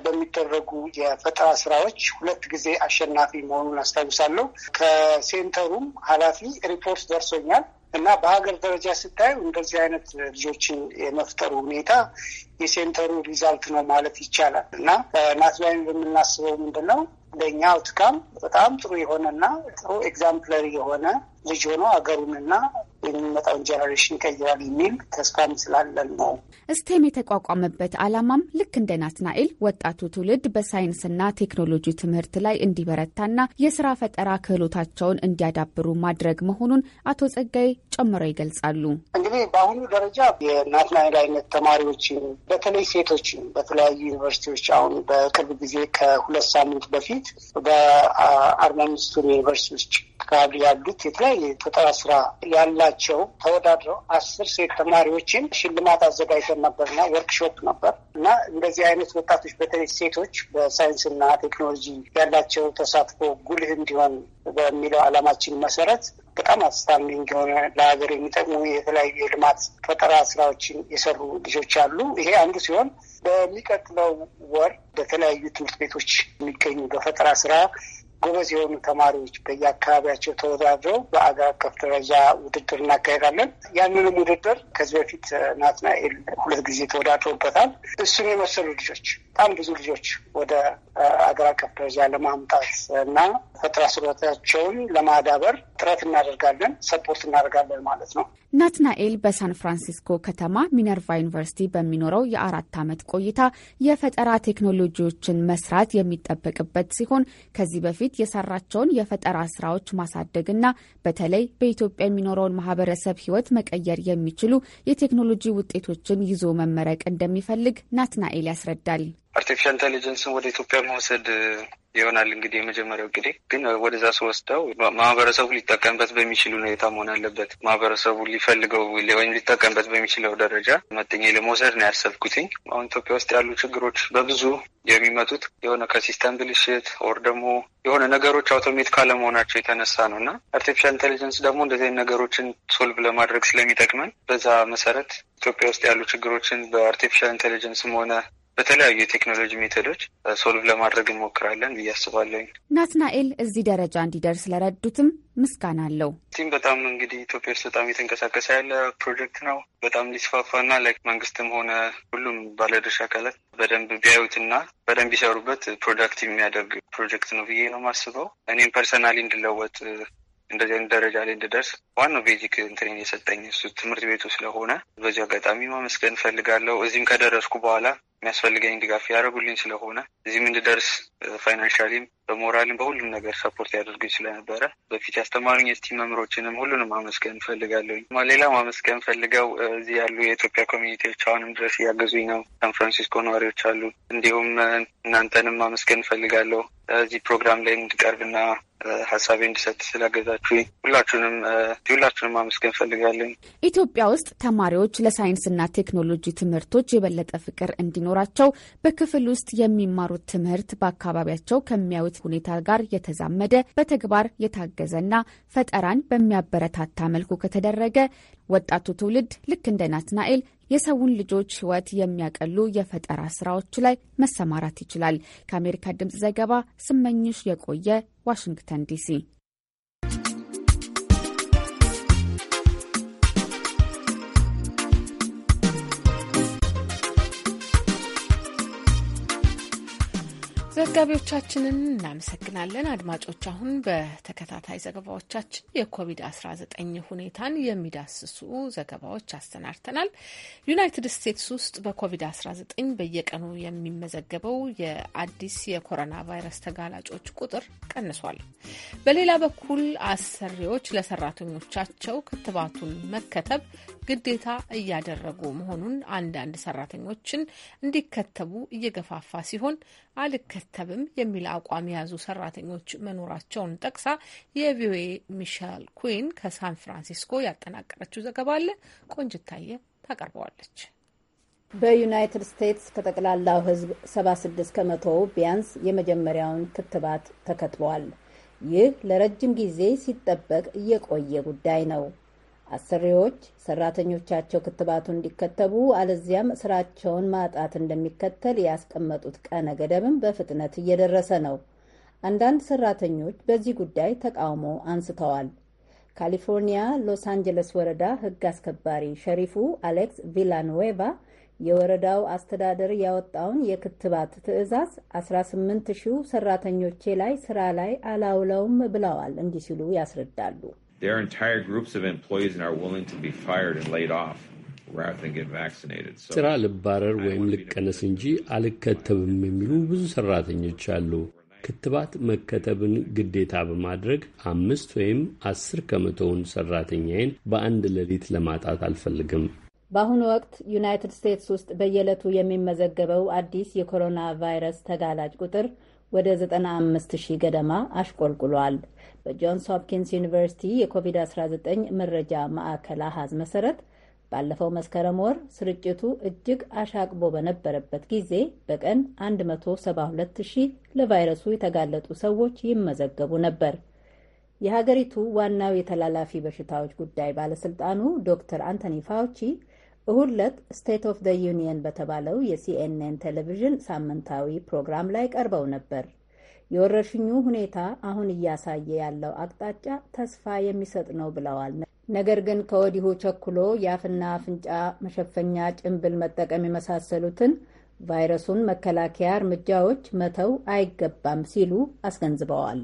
በሚደረጉ የፈጠራ ስራዎች ሁለት ጊዜ አሸናፊ መሆኑን አስታውሳለሁ። ከሴንተሩም ኃላፊ ሪፖርት ደርሶኛል እና በሀገር ደረጃ ስታዩ እንደዚህ አይነት ልጆችን የመፍጠሩ ሁኔታ የሴንተሩ ሪዛልት ነው ማለት ይቻላል። እና ናትላይን በምናስበው ምንድን ነው ለእኛ አውትካም በጣም ጥሩ የሆነና ጥሩ ኤግዛምፕለሪ የሆነ ልጅ ሆኖ ሀገሩንና የሚመጣውን ጀነሬሽን ይቀይራል የሚል ተስፋም ስላለን ነው። እስቴም የተቋቋመበት ዓላማም ልክ እንደ ናትናኤል ወጣቱ ትውልድ በሳይንስና ቴክኖሎጂ ትምህርት ላይ እንዲበረታና የስራ ፈጠራ ክህሎታቸውን እንዲያዳብሩ ማድረግ መሆኑን አቶ ጸጋይ ጨምረው ይገልጻሉ። እንግዲህ በአሁኑ ደረጃ የናትናኤል አይነት ተማሪዎችን በተለይ ሴቶችን በተለያዩ ዩኒቨርሲቲዎች አሁን በቅርብ ጊዜ ከሁለት ሳምንት በፊት በአርባ አምስቱ ዩኒቨርሲቲዎች አካባቢ ያሉት የተለያዩ ላይ ፈጠራ ስራ ያላቸው ተወዳድረው አስር ሴት ተማሪዎችን ሽልማት አዘጋጅተን ነበርና ወርክሾፕ ነበር እና እንደዚህ አይነት ወጣቶች በተለይ ሴቶች በሳይንስና ቴክኖሎጂ ያላቸው ተሳትፎ ጉልህ እንዲሆን በሚለው አላማችን መሰረት በጣም አስታንዲንግ የሆነ ለሀገር የሚጠቅሙ የተለያዩ የልማት ፈጠራ ስራዎችን የሰሩ ልጆች አሉ። ይሄ አንዱ ሲሆን በሚቀጥለው ወር በተለያዩ ትምህርት ቤቶች የሚገኙ በፈጠራ ስራ ጎበዝ የሆኑ ተማሪዎች በየአካባቢያቸው ተወዳድረው በአገር አቀፍ ደረጃ ውድድር እናካሄዳለን። ያንንም ውድድር ከዚህ በፊት ናትናኤል ሁለት ጊዜ ተወዳድሮበታል። እሱን የመሰሉ ልጆች በጣም ብዙ ልጆች ወደ አገር አቀፍ ደረጃ ለማምጣት እና ፈጠራ ስሎታቸውን ለማዳበር ጥረት እናደርጋለን፣ ሰፖርት እናደርጋለን ማለት ነው። ናትናኤል በሳን ፍራንሲስኮ ከተማ ሚነርቫ ዩኒቨርሲቲ በሚኖረው የአራት ዓመት ቆይታ የፈጠራ ቴክኖሎጂዎችን መስራት የሚጠበቅበት ሲሆን ከዚህ በፊት በፊት የሰራቸውን የፈጠራ ስራዎች ማሳደግና በተለይ በኢትዮጵያ የሚኖረውን ማህበረሰብ ህይወት መቀየር የሚችሉ የቴክኖሎጂ ውጤቶችን ይዞ መመረቅ እንደሚፈልግ ናትናኤል ያስረዳል። አርቲፊሻል ኢንቴሊጀንስን ወደ ኢትዮጵያ መውሰድ ይሆናል እንግዲህ የመጀመሪያው ጊዜ ግን ወደዛ ስወስደው ማህበረሰቡ ሊጠቀምበት በሚችል ሁኔታ መሆን አለበት። ማህበረሰቡ ሊፈልገው ወይም ሊጠቀምበት በሚችለው ደረጃ መጠኛ ለመውሰድ ነው ያሰብኩትኝ። አሁን ኢትዮጵያ ውስጥ ያሉ ችግሮች በብዙ የሚመጡት የሆነ ከሲስተም ብልሽት ኦር ደግሞ የሆነ ነገሮች አውቶሜት ካለመሆናቸው የተነሳ ነው እና አርቲፊሻል ኢንቴሊጀንስ ደግሞ እንደዚህ ነገሮችን ሶልቭ ለማድረግ ስለሚጠቅመን በዛ መሰረት ኢትዮጵያ ውስጥ ያሉ ችግሮችን በአርቲፊሻል ኢንቴሊጀንስም ሆነ በተለያዩ የቴክኖሎጂ ሜቶዶች ሶልቭ ለማድረግ እንሞክራለን ብዬ አስባለሁኝ። ናትናኤል እዚህ ደረጃ እንዲደርስ ለረዱትም ምስጋና አለው። ቲም በጣም እንግዲህ ኢትዮጵያ ውስጥ በጣም የተንቀሳቀሰ ያለ ፕሮጀክት ነው። በጣም ሊስፋፋና ላይክ መንግስትም ሆነ ሁሉም ባለድርሻ አካላት በደንብ ቢያዩትና በደንብ ቢሰሩበት ፕሮዳክቲቭ የሚያደርግ ፕሮጀክት ነው ብዬ ነው የማስበው። እኔም ፐርሰናሊ እንድለወጥ እንደዚህ አይነት ደረጃ ላይ እንድደርስ ዋናው ቤዚክ እንትኔን የሰጠኝ እሱ ትምህርት ቤቱ ስለሆነ በዚህ አጋጣሚ ማመስገን እፈልጋለሁ። እዚህም ከደረስኩ በኋላ የሚያስፈልገኝ ድጋፍ ያደረጉልኝ ስለሆነ እዚህም እንድደርስ ፋይናንሻሊም በሞራልም በሁሉም ነገር ሰፖርት ያደርጉኝ ስለነበረ በፊት ያስተማሩኝ የስቲም መምሮችንም ሁሉንም ማመስገን ፈልጋለሁኝ። ሌላ ማመስገን ፈልገው እዚህ ያሉ የኢትዮጵያ ኮሚኒቲዎች አሁንም ድረስ እያገዙኝ ነው። ሳን ፍራንሲስኮ ነዋሪዎች አሉ። እንዲሁም እናንተንም ማመስገን ፈልጋለሁ እዚህ ፕሮግራም ላይ እንድቀርብና ሀሳቤ እንድሰጥ ስላገዛችሁ ሁላችሁንም ሁላችሁንም ማመስገን ፈልጋለኝ። ኢትዮጵያ ውስጥ ተማሪዎች ለሳይንስና ቴክኖሎጂ ትምህርቶች የበለጠ ፍቅር እንዲኖር መኖራቸው በክፍል ውስጥ የሚማሩት ትምህርት በአካባቢያቸው ከሚያዩት ሁኔታ ጋር የተዛመደ በተግባር የታገዘና ፈጠራን በሚያበረታታ መልኩ ከተደረገ ወጣቱ ትውልድ ልክ እንደ ናትናኤል የሰውን ልጆች ሕይወት የሚያቀሉ የፈጠራ ስራዎች ላይ መሰማራት ይችላል። ከአሜሪካ ድምጽ ዘገባ ስመኝሽ የቆየ ዋሽንግተን ዲሲ። ዘጋቢዎቻችንን እናመሰግናለን። አድማጮች፣ አሁን በተከታታይ ዘገባዎቻችን የኮቪድ-19 ሁኔታን የሚዳስሱ ዘገባዎች አሰናድተናል። ዩናይትድ ስቴትስ ውስጥ በኮቪድ-19 በየቀኑ የሚመዘገበው የአዲስ የኮሮና ቫይረስ ተጋላጮች ቁጥር ቀንሷል። በሌላ በኩል አሰሪዎች ለሰራተኞቻቸው ክትባቱን መከተብ ግዴታ እያደረጉ መሆኑን አንዳንድ ሰራተኞችን እንዲከተቡ እየገፋፋ ሲሆን አልከተብም የሚል አቋም የያዙ ሰራተኞች መኖራቸውን ጠቅሳ የቪኦኤ ሚሻል ኩዊን ከሳን ፍራንሲስኮ ያጠናቀረችው ዘገባ አለ። ቆንጅታየ ታቀርበዋለች። በዩናይትድ ስቴትስ ከጠቅላላው ሕዝብ 76 ከመቶ ቢያንስ የመጀመሪያውን ክትባት ተከትቧል። ይህ ለረጅም ጊዜ ሲጠበቅ የቆየ ጉዳይ ነው። አሰሪዎች ሰራተኞቻቸው ክትባቱ እንዲከተቡ አለዚያም ስራቸውን ማጣት እንደሚከተል ያስቀመጡት ቀነ ገደብም በፍጥነት እየደረሰ ነው። አንዳንድ ሰራተኞች በዚህ ጉዳይ ተቃውሞ አንስተዋል። ካሊፎርኒያ ሎስ አንጀለስ ወረዳ ሕግ አስከባሪ ሸሪፉ አሌክስ ቪላንዌቫ የወረዳው አስተዳደር ያወጣውን የክትባት ትዕዛዝ 18 ሺው ሰራተኞቼ ላይ ስራ ላይ አላውለውም ብለዋል። እንዲህ ሲሉ ያስረዳሉ። There are entire groups of employees that are willing to be fired and laid off. ስራ ልባረር ወይም ልቀነስ እንጂ አልከተብም የሚሉ ብዙ ሰራተኞች አሉ። ክትባት መከተብን ግዴታ በማድረግ አምስት ወይም አስር ከመቶውን ሰራተኛዬን በአንድ ሌሊት ለማጣት አልፈልግም። በአሁኑ ወቅት ዩናይትድ ስቴትስ ውስጥ በየዕለቱ የሚመዘገበው አዲስ የኮሮና ቫይረስ ተጋላጭ ቁጥር ወደ 95 ሺህ ገደማ አሽቆልቁሏል። በጆንስ ሆፕኪንስ ዩኒቨርሲቲ የኮቪድ-19 መረጃ ማዕከል አሃዝ መሰረት ባለፈው መስከረም ወር ስርጭቱ እጅግ አሻቅቦ በነበረበት ጊዜ በቀን 172,000 ለቫይረሱ የተጋለጡ ሰዎች ይመዘገቡ ነበር። የሀገሪቱ ዋናው የተላላፊ በሽታዎች ጉዳይ ባለስልጣኑ ዶክተር አንቶኒ ፋውቺ እሁድ ዕለት ስቴት ኦፍ ዩኒየን በተባለው የሲኤንኤን ቴሌቪዥን ሳምንታዊ ፕሮግራም ላይ ቀርበው ነበር። የወረርሽኙ ሁኔታ አሁን እያሳየ ያለው አቅጣጫ ተስፋ የሚሰጥ ነው ብለዋል። ነገር ግን ከወዲሁ ቸኩሎ የአፍና አፍንጫ መሸፈኛ ጭንብል መጠቀም የመሳሰሉትን ቫይረሱን መከላከያ እርምጃዎች መተው አይገባም ሲሉ አስገንዝበዋል።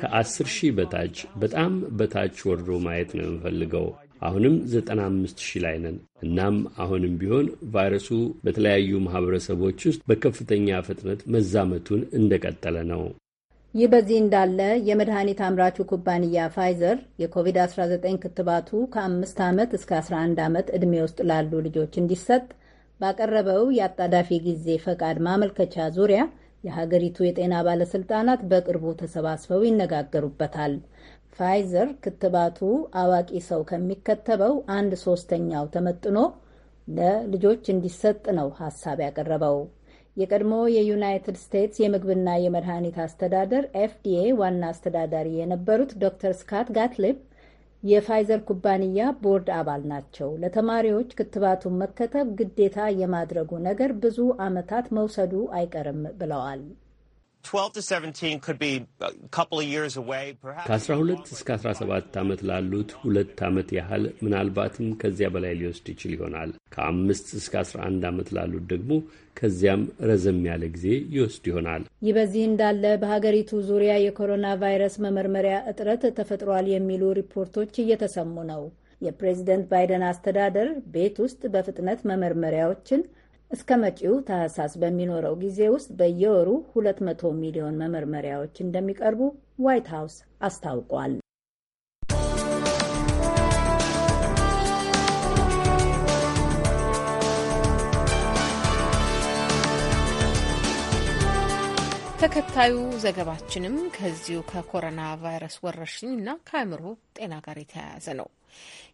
ከአስር ሺህ በታች በጣም በታች ወርዶ ማየት ነው የምፈልገው። አሁንም 95 ሺህ ላይ ነን። እናም አሁንም ቢሆን ቫይረሱ በተለያዩ ማህበረሰቦች ውስጥ በከፍተኛ ፍጥነት መዛመቱን እንደቀጠለ ነው። ይህ በዚህ እንዳለ የመድኃኒት አምራቹ ኩባንያ ፋይዘር የኮቪድ-19 ክትባቱ ከአምስት ዓመት እስከ 11 ዓመት ዕድሜ ውስጥ ላሉ ልጆች እንዲሰጥ ባቀረበው የአጣዳፊ ጊዜ ፈቃድ ማመልከቻ ዙሪያ የሀገሪቱ የጤና ባለስልጣናት በቅርቡ ተሰባስበው ይነጋገሩበታል። ፋይዘር ክትባቱ አዋቂ ሰው ከሚከተበው አንድ ሶስተኛው ተመጥኖ ለልጆች እንዲሰጥ ነው ሀሳብ ያቀረበው። የቀድሞ የዩናይትድ ስቴትስ የምግብና የመድኃኒት አስተዳደር ኤፍዲኤ ዋና አስተዳዳሪ የነበሩት ዶክተር ስካት ጋትሊብ የፋይዘር ኩባንያ ቦርድ አባል ናቸው። ለተማሪዎች ክትባቱን መከተብ ግዴታ የማድረጉ ነገር ብዙ ዓመታት መውሰዱ አይቀርም ብለዋል። ከ12 እስከ 17 ዓመት ላሉት ሁለት ዓመት ያህል ምናልባትም ከዚያ በላይ ሊወስድ ይችል ይሆናል። ከ5 እስከ 11 ዓመት ላሉት ደግሞ ከዚያም ረዘም ያለ ጊዜ ይወስድ ይሆናል። ይህ በዚህ እንዳለ በሀገሪቱ ዙሪያ የኮሮና ቫይረስ መመርመሪያ እጥረት ተፈጥሯል የሚሉ ሪፖርቶች እየተሰሙ ነው። የፕሬዚደንት ባይደን አስተዳደር ቤት ውስጥ በፍጥነት መመርመሪያዎችን እስከ መጪው ታህሳስ በሚኖረው ጊዜ ውስጥ በየወሩ 200 ሚሊዮን መመርመሪያዎች እንደሚቀርቡ ዋይት ሀውስ አስታውቋል። ተከታዩ ዘገባችንም ከዚሁ ከኮሮና ቫይረስ ወረርሽኝ እና ከአእምሮ ጤና ጋር የተያያዘ ነው።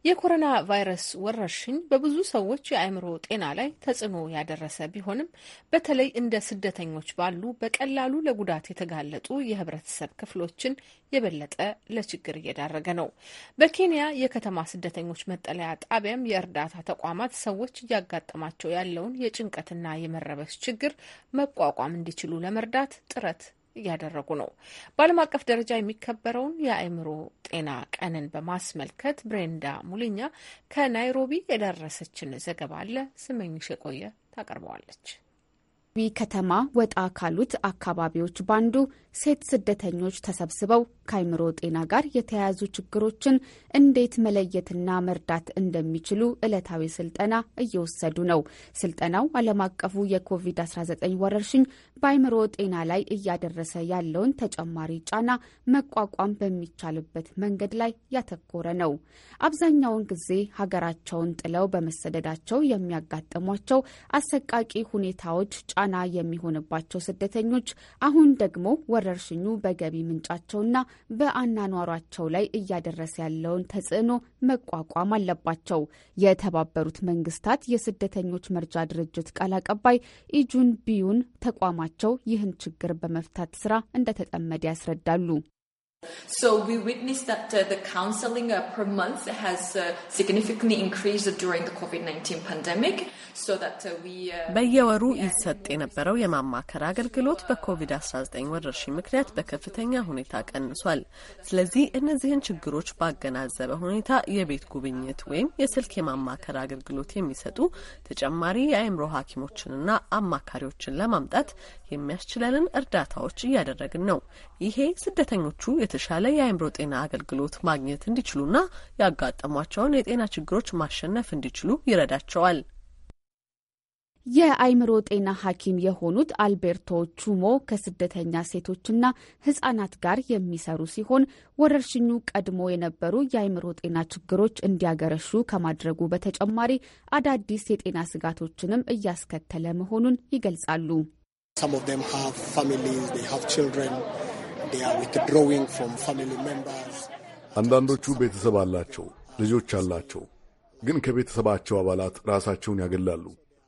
የኮሮና ቫይረስ ወረርሽኝ በብዙ ሰዎች የአእምሮ ጤና ላይ ተጽዕኖ ያደረሰ ቢሆንም በተለይ እንደ ስደተኞች ባሉ በቀላሉ ለጉዳት የተጋለጡ የህብረተሰብ ክፍሎችን የበለጠ ለችግር እየዳረገ ነው። በኬንያ የከተማ ስደተኞች መጠለያ ጣቢያም የእርዳታ ተቋማት ሰዎች እያጋጠማቸው ያለውን የጭንቀትና የመረበስ ችግር መቋቋም እንዲችሉ ለመርዳት ጥረት እያደረጉ ነው። በዓለም አቀፍ ደረጃ የሚከበረውን የአእምሮ ጤና ቀንን በማስመልከት ብሬንዳ ሙሊኛ ከናይሮቢ የደረሰችን ዘገባ አለ ስመኝሽ የቆየ ታቀርበዋለች። ከተማ ወጣ ካሉት አካባቢዎች ባንዱ ሴት ስደተኞች ተሰብስበው ከአይምሮ ጤና ጋር የተያያዙ ችግሮችን እንዴት መለየትና መርዳት እንደሚችሉ ዕለታዊ ስልጠና እየወሰዱ ነው። ስልጠናው ዓለም አቀፉ የኮቪድ-19 ወረርሽኝ በአይምሮ ጤና ላይ እያደረሰ ያለውን ተጨማሪ ጫና መቋቋም በሚቻልበት መንገድ ላይ ያተኮረ ነው። አብዛኛውን ጊዜ ሀገራቸውን ጥለው በመሰደዳቸው የሚያጋጥሟቸው አሰቃቂ ሁኔታዎች ጫና ጫና የሚሆንባቸው ስደተኞች አሁን ደግሞ ወረርሽኙ በገቢ ምንጫቸውና በአናኗሯቸው ላይ እያደረሰ ያለውን ተጽዕኖ መቋቋም አለባቸው። የተባበሩት መንግስታት የስደተኞች መርጃ ድርጅት ቃል አቀባይ ኢጁን ቢዩን ተቋማቸው ይህን ችግር በመፍታት ስራ እንደተጠመደ ያስረዳሉ። So we witnessed that uh, the counseling uh, per month has uh, significantly increased during the COVID-19 pandemic so that uh, we uh, በየወሩ ይሰጥ የነበረው የማማከር አገልግሎት በኮቪድ-19 ወረርሽኝ ምክንያት በከፍተኛ ሁኔታ ቀንሷል። ስለዚህ እነዚህን ችግሮች ባገናዘበ ሁኔታ የቤት ጉብኝት ወይም የስልክ የማማከር አገልግሎት የሚሰጡ ተጨማሪ የአእምሮ ሐኪሞችንና አማካሪዎችን ለማምጣት የሚያስችለንን እርዳታዎች እያደረግን ነው። ይሄ ስደተኞቹ የተሻለ የአእምሮ ጤና አገልግሎት ማግኘት እንዲችሉና ያጋጠሟቸውን የጤና ችግሮች ማሸነፍ እንዲችሉ ይረዳቸዋል። የአይምሮ ጤና ሐኪም የሆኑት አልቤርቶ ቹሞ ከስደተኛ ሴቶችና ህጻናት ጋር የሚሰሩ ሲሆን ወረርሽኙ ቀድሞ የነበሩ የአይምሮ ጤና ችግሮች እንዲያገረሹ ከማድረጉ በተጨማሪ አዳዲስ የጤና ስጋቶችንም እያስከተለ መሆኑን ይገልጻሉ። አንዳንዶቹ ቤተሰብ አላቸው፣ ልጆች አላቸው፣ ግን ከቤተሰባቸው አባላት ራሳቸውን ያገላሉ።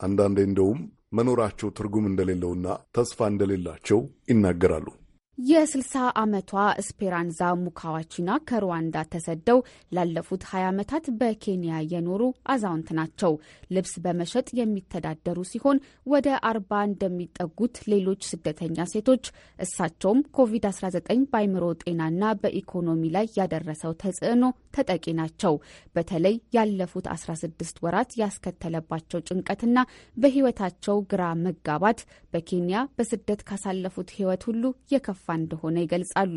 አንዳንዴ እንደውም መኖራቸው ትርጉም እንደሌለውና ተስፋ እንደሌላቸው ይናገራሉ። የ60 ዓመቷ ስፔራንዛ ሙካዋቺና ከሩዋንዳ ተሰደው ላለፉት 20 ዓመታት በኬንያ የኖሩ አዛውንት ናቸው። ልብስ በመሸጥ የሚተዳደሩ ሲሆን ወደ 40 እንደሚጠጉት ሌሎች ስደተኛ ሴቶች እሳቸውም ኮቪድ-19 በአይምሮ ጤናና በኢኮኖሚ ላይ ያደረሰው ተጽዕኖ ተጠቂ ናቸው። በተለይ ያለፉት 16 ወራት ያስከተለባቸው ጭንቀትና በህይወታቸው ግራ መጋባት በኬንያ በስደት ካሳለፉት ህይወት ሁሉ የከፋ እንደሆነ ይገልጻሉ።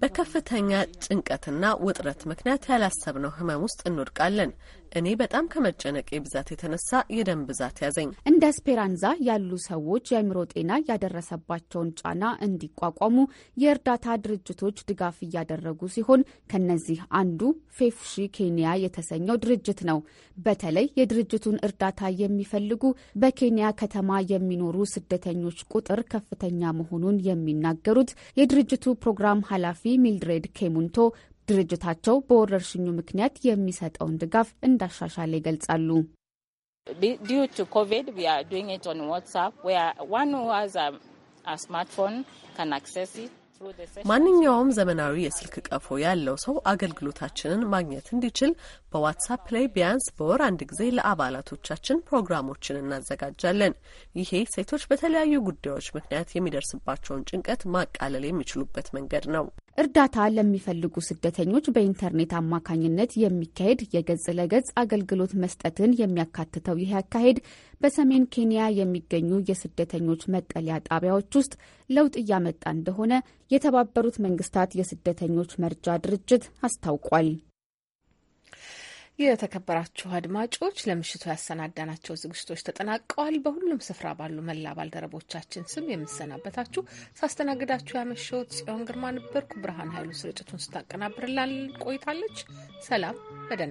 በከፍተኛ ጭንቀትና ውጥረት ምክንያት ያላሰብነው ህመም ውስጥ እንወድቃለን። እኔ በጣም ከመጨነቄ ብዛት የተነሳ የደም ብዛት ያዘኝ። እንደ ስፔራንዛ ያሉ ሰዎች የአእምሮ ጤና ያደረሰባቸውን ጫና እንዲቋቋሙ የእርዳታ ድርጅቶች ድጋፍ እያደረጉ ሲሆን ከነዚህ አንዱ ፌፍሺ ኬንያ የተሰኘው ድርጅት ነው። በተለይ የድርጅቱን እርዳታ የሚፈልጉ በኬንያ ከተማ የሚኖሩ ስደተኞች ቁጥር ከፍተኛ መሆኑን የሚናገሩት የድርጅቱ ፕሮግራም ኃላፊ ሚልድሬድ ኬሙንቶ ድርጅታቸው በወረርሽኙ ምክንያት የሚሰጠውን ድጋፍ እንዳሻሻለ ይገልጻሉ። ማንኛውም ዘመናዊ የስልክ ቀፎ ያለው ሰው አገልግሎታችንን ማግኘት እንዲችል በዋትሳፕ ላይ ቢያንስ በወር አንድ ጊዜ ለአባላቶቻችን ፕሮግራሞችን እናዘጋጃለን። ይሄ ሴቶች በተለያዩ ጉዳዮች ምክንያት የሚደርስባቸውን ጭንቀት ማቃለል የሚችሉበት መንገድ ነው። እርዳታ ለሚፈልጉ ስደተኞች በኢንተርኔት አማካኝነት የሚካሄድ የገጽ ለገጽ አገልግሎት መስጠትን የሚያካትተው ይህ አካሄድ በሰሜን ኬንያ የሚገኙ የስደተኞች መጠለያ ጣቢያዎች ውስጥ ለውጥ እያመጣ እንደሆነ የተባበሩት መንግስታት የስደተኞች መርጃ ድርጅት አስታውቋል። የተከበራችሁ አድማጮች ለምሽቱ ያሰናዳናቸው ዝግጅቶች ተጠናቀዋል። በሁሉም ስፍራ ባሉ መላ ባልደረቦቻችን ስም የምሰናበታችሁ ሳስተናግዳችሁ ያመሸሁት ጽዮን ግርማ ነበርኩ። ብርሃን ኃይሉ ስርጭቱን ስታቀናብርላል ቆይታለች። ሰላም በደህና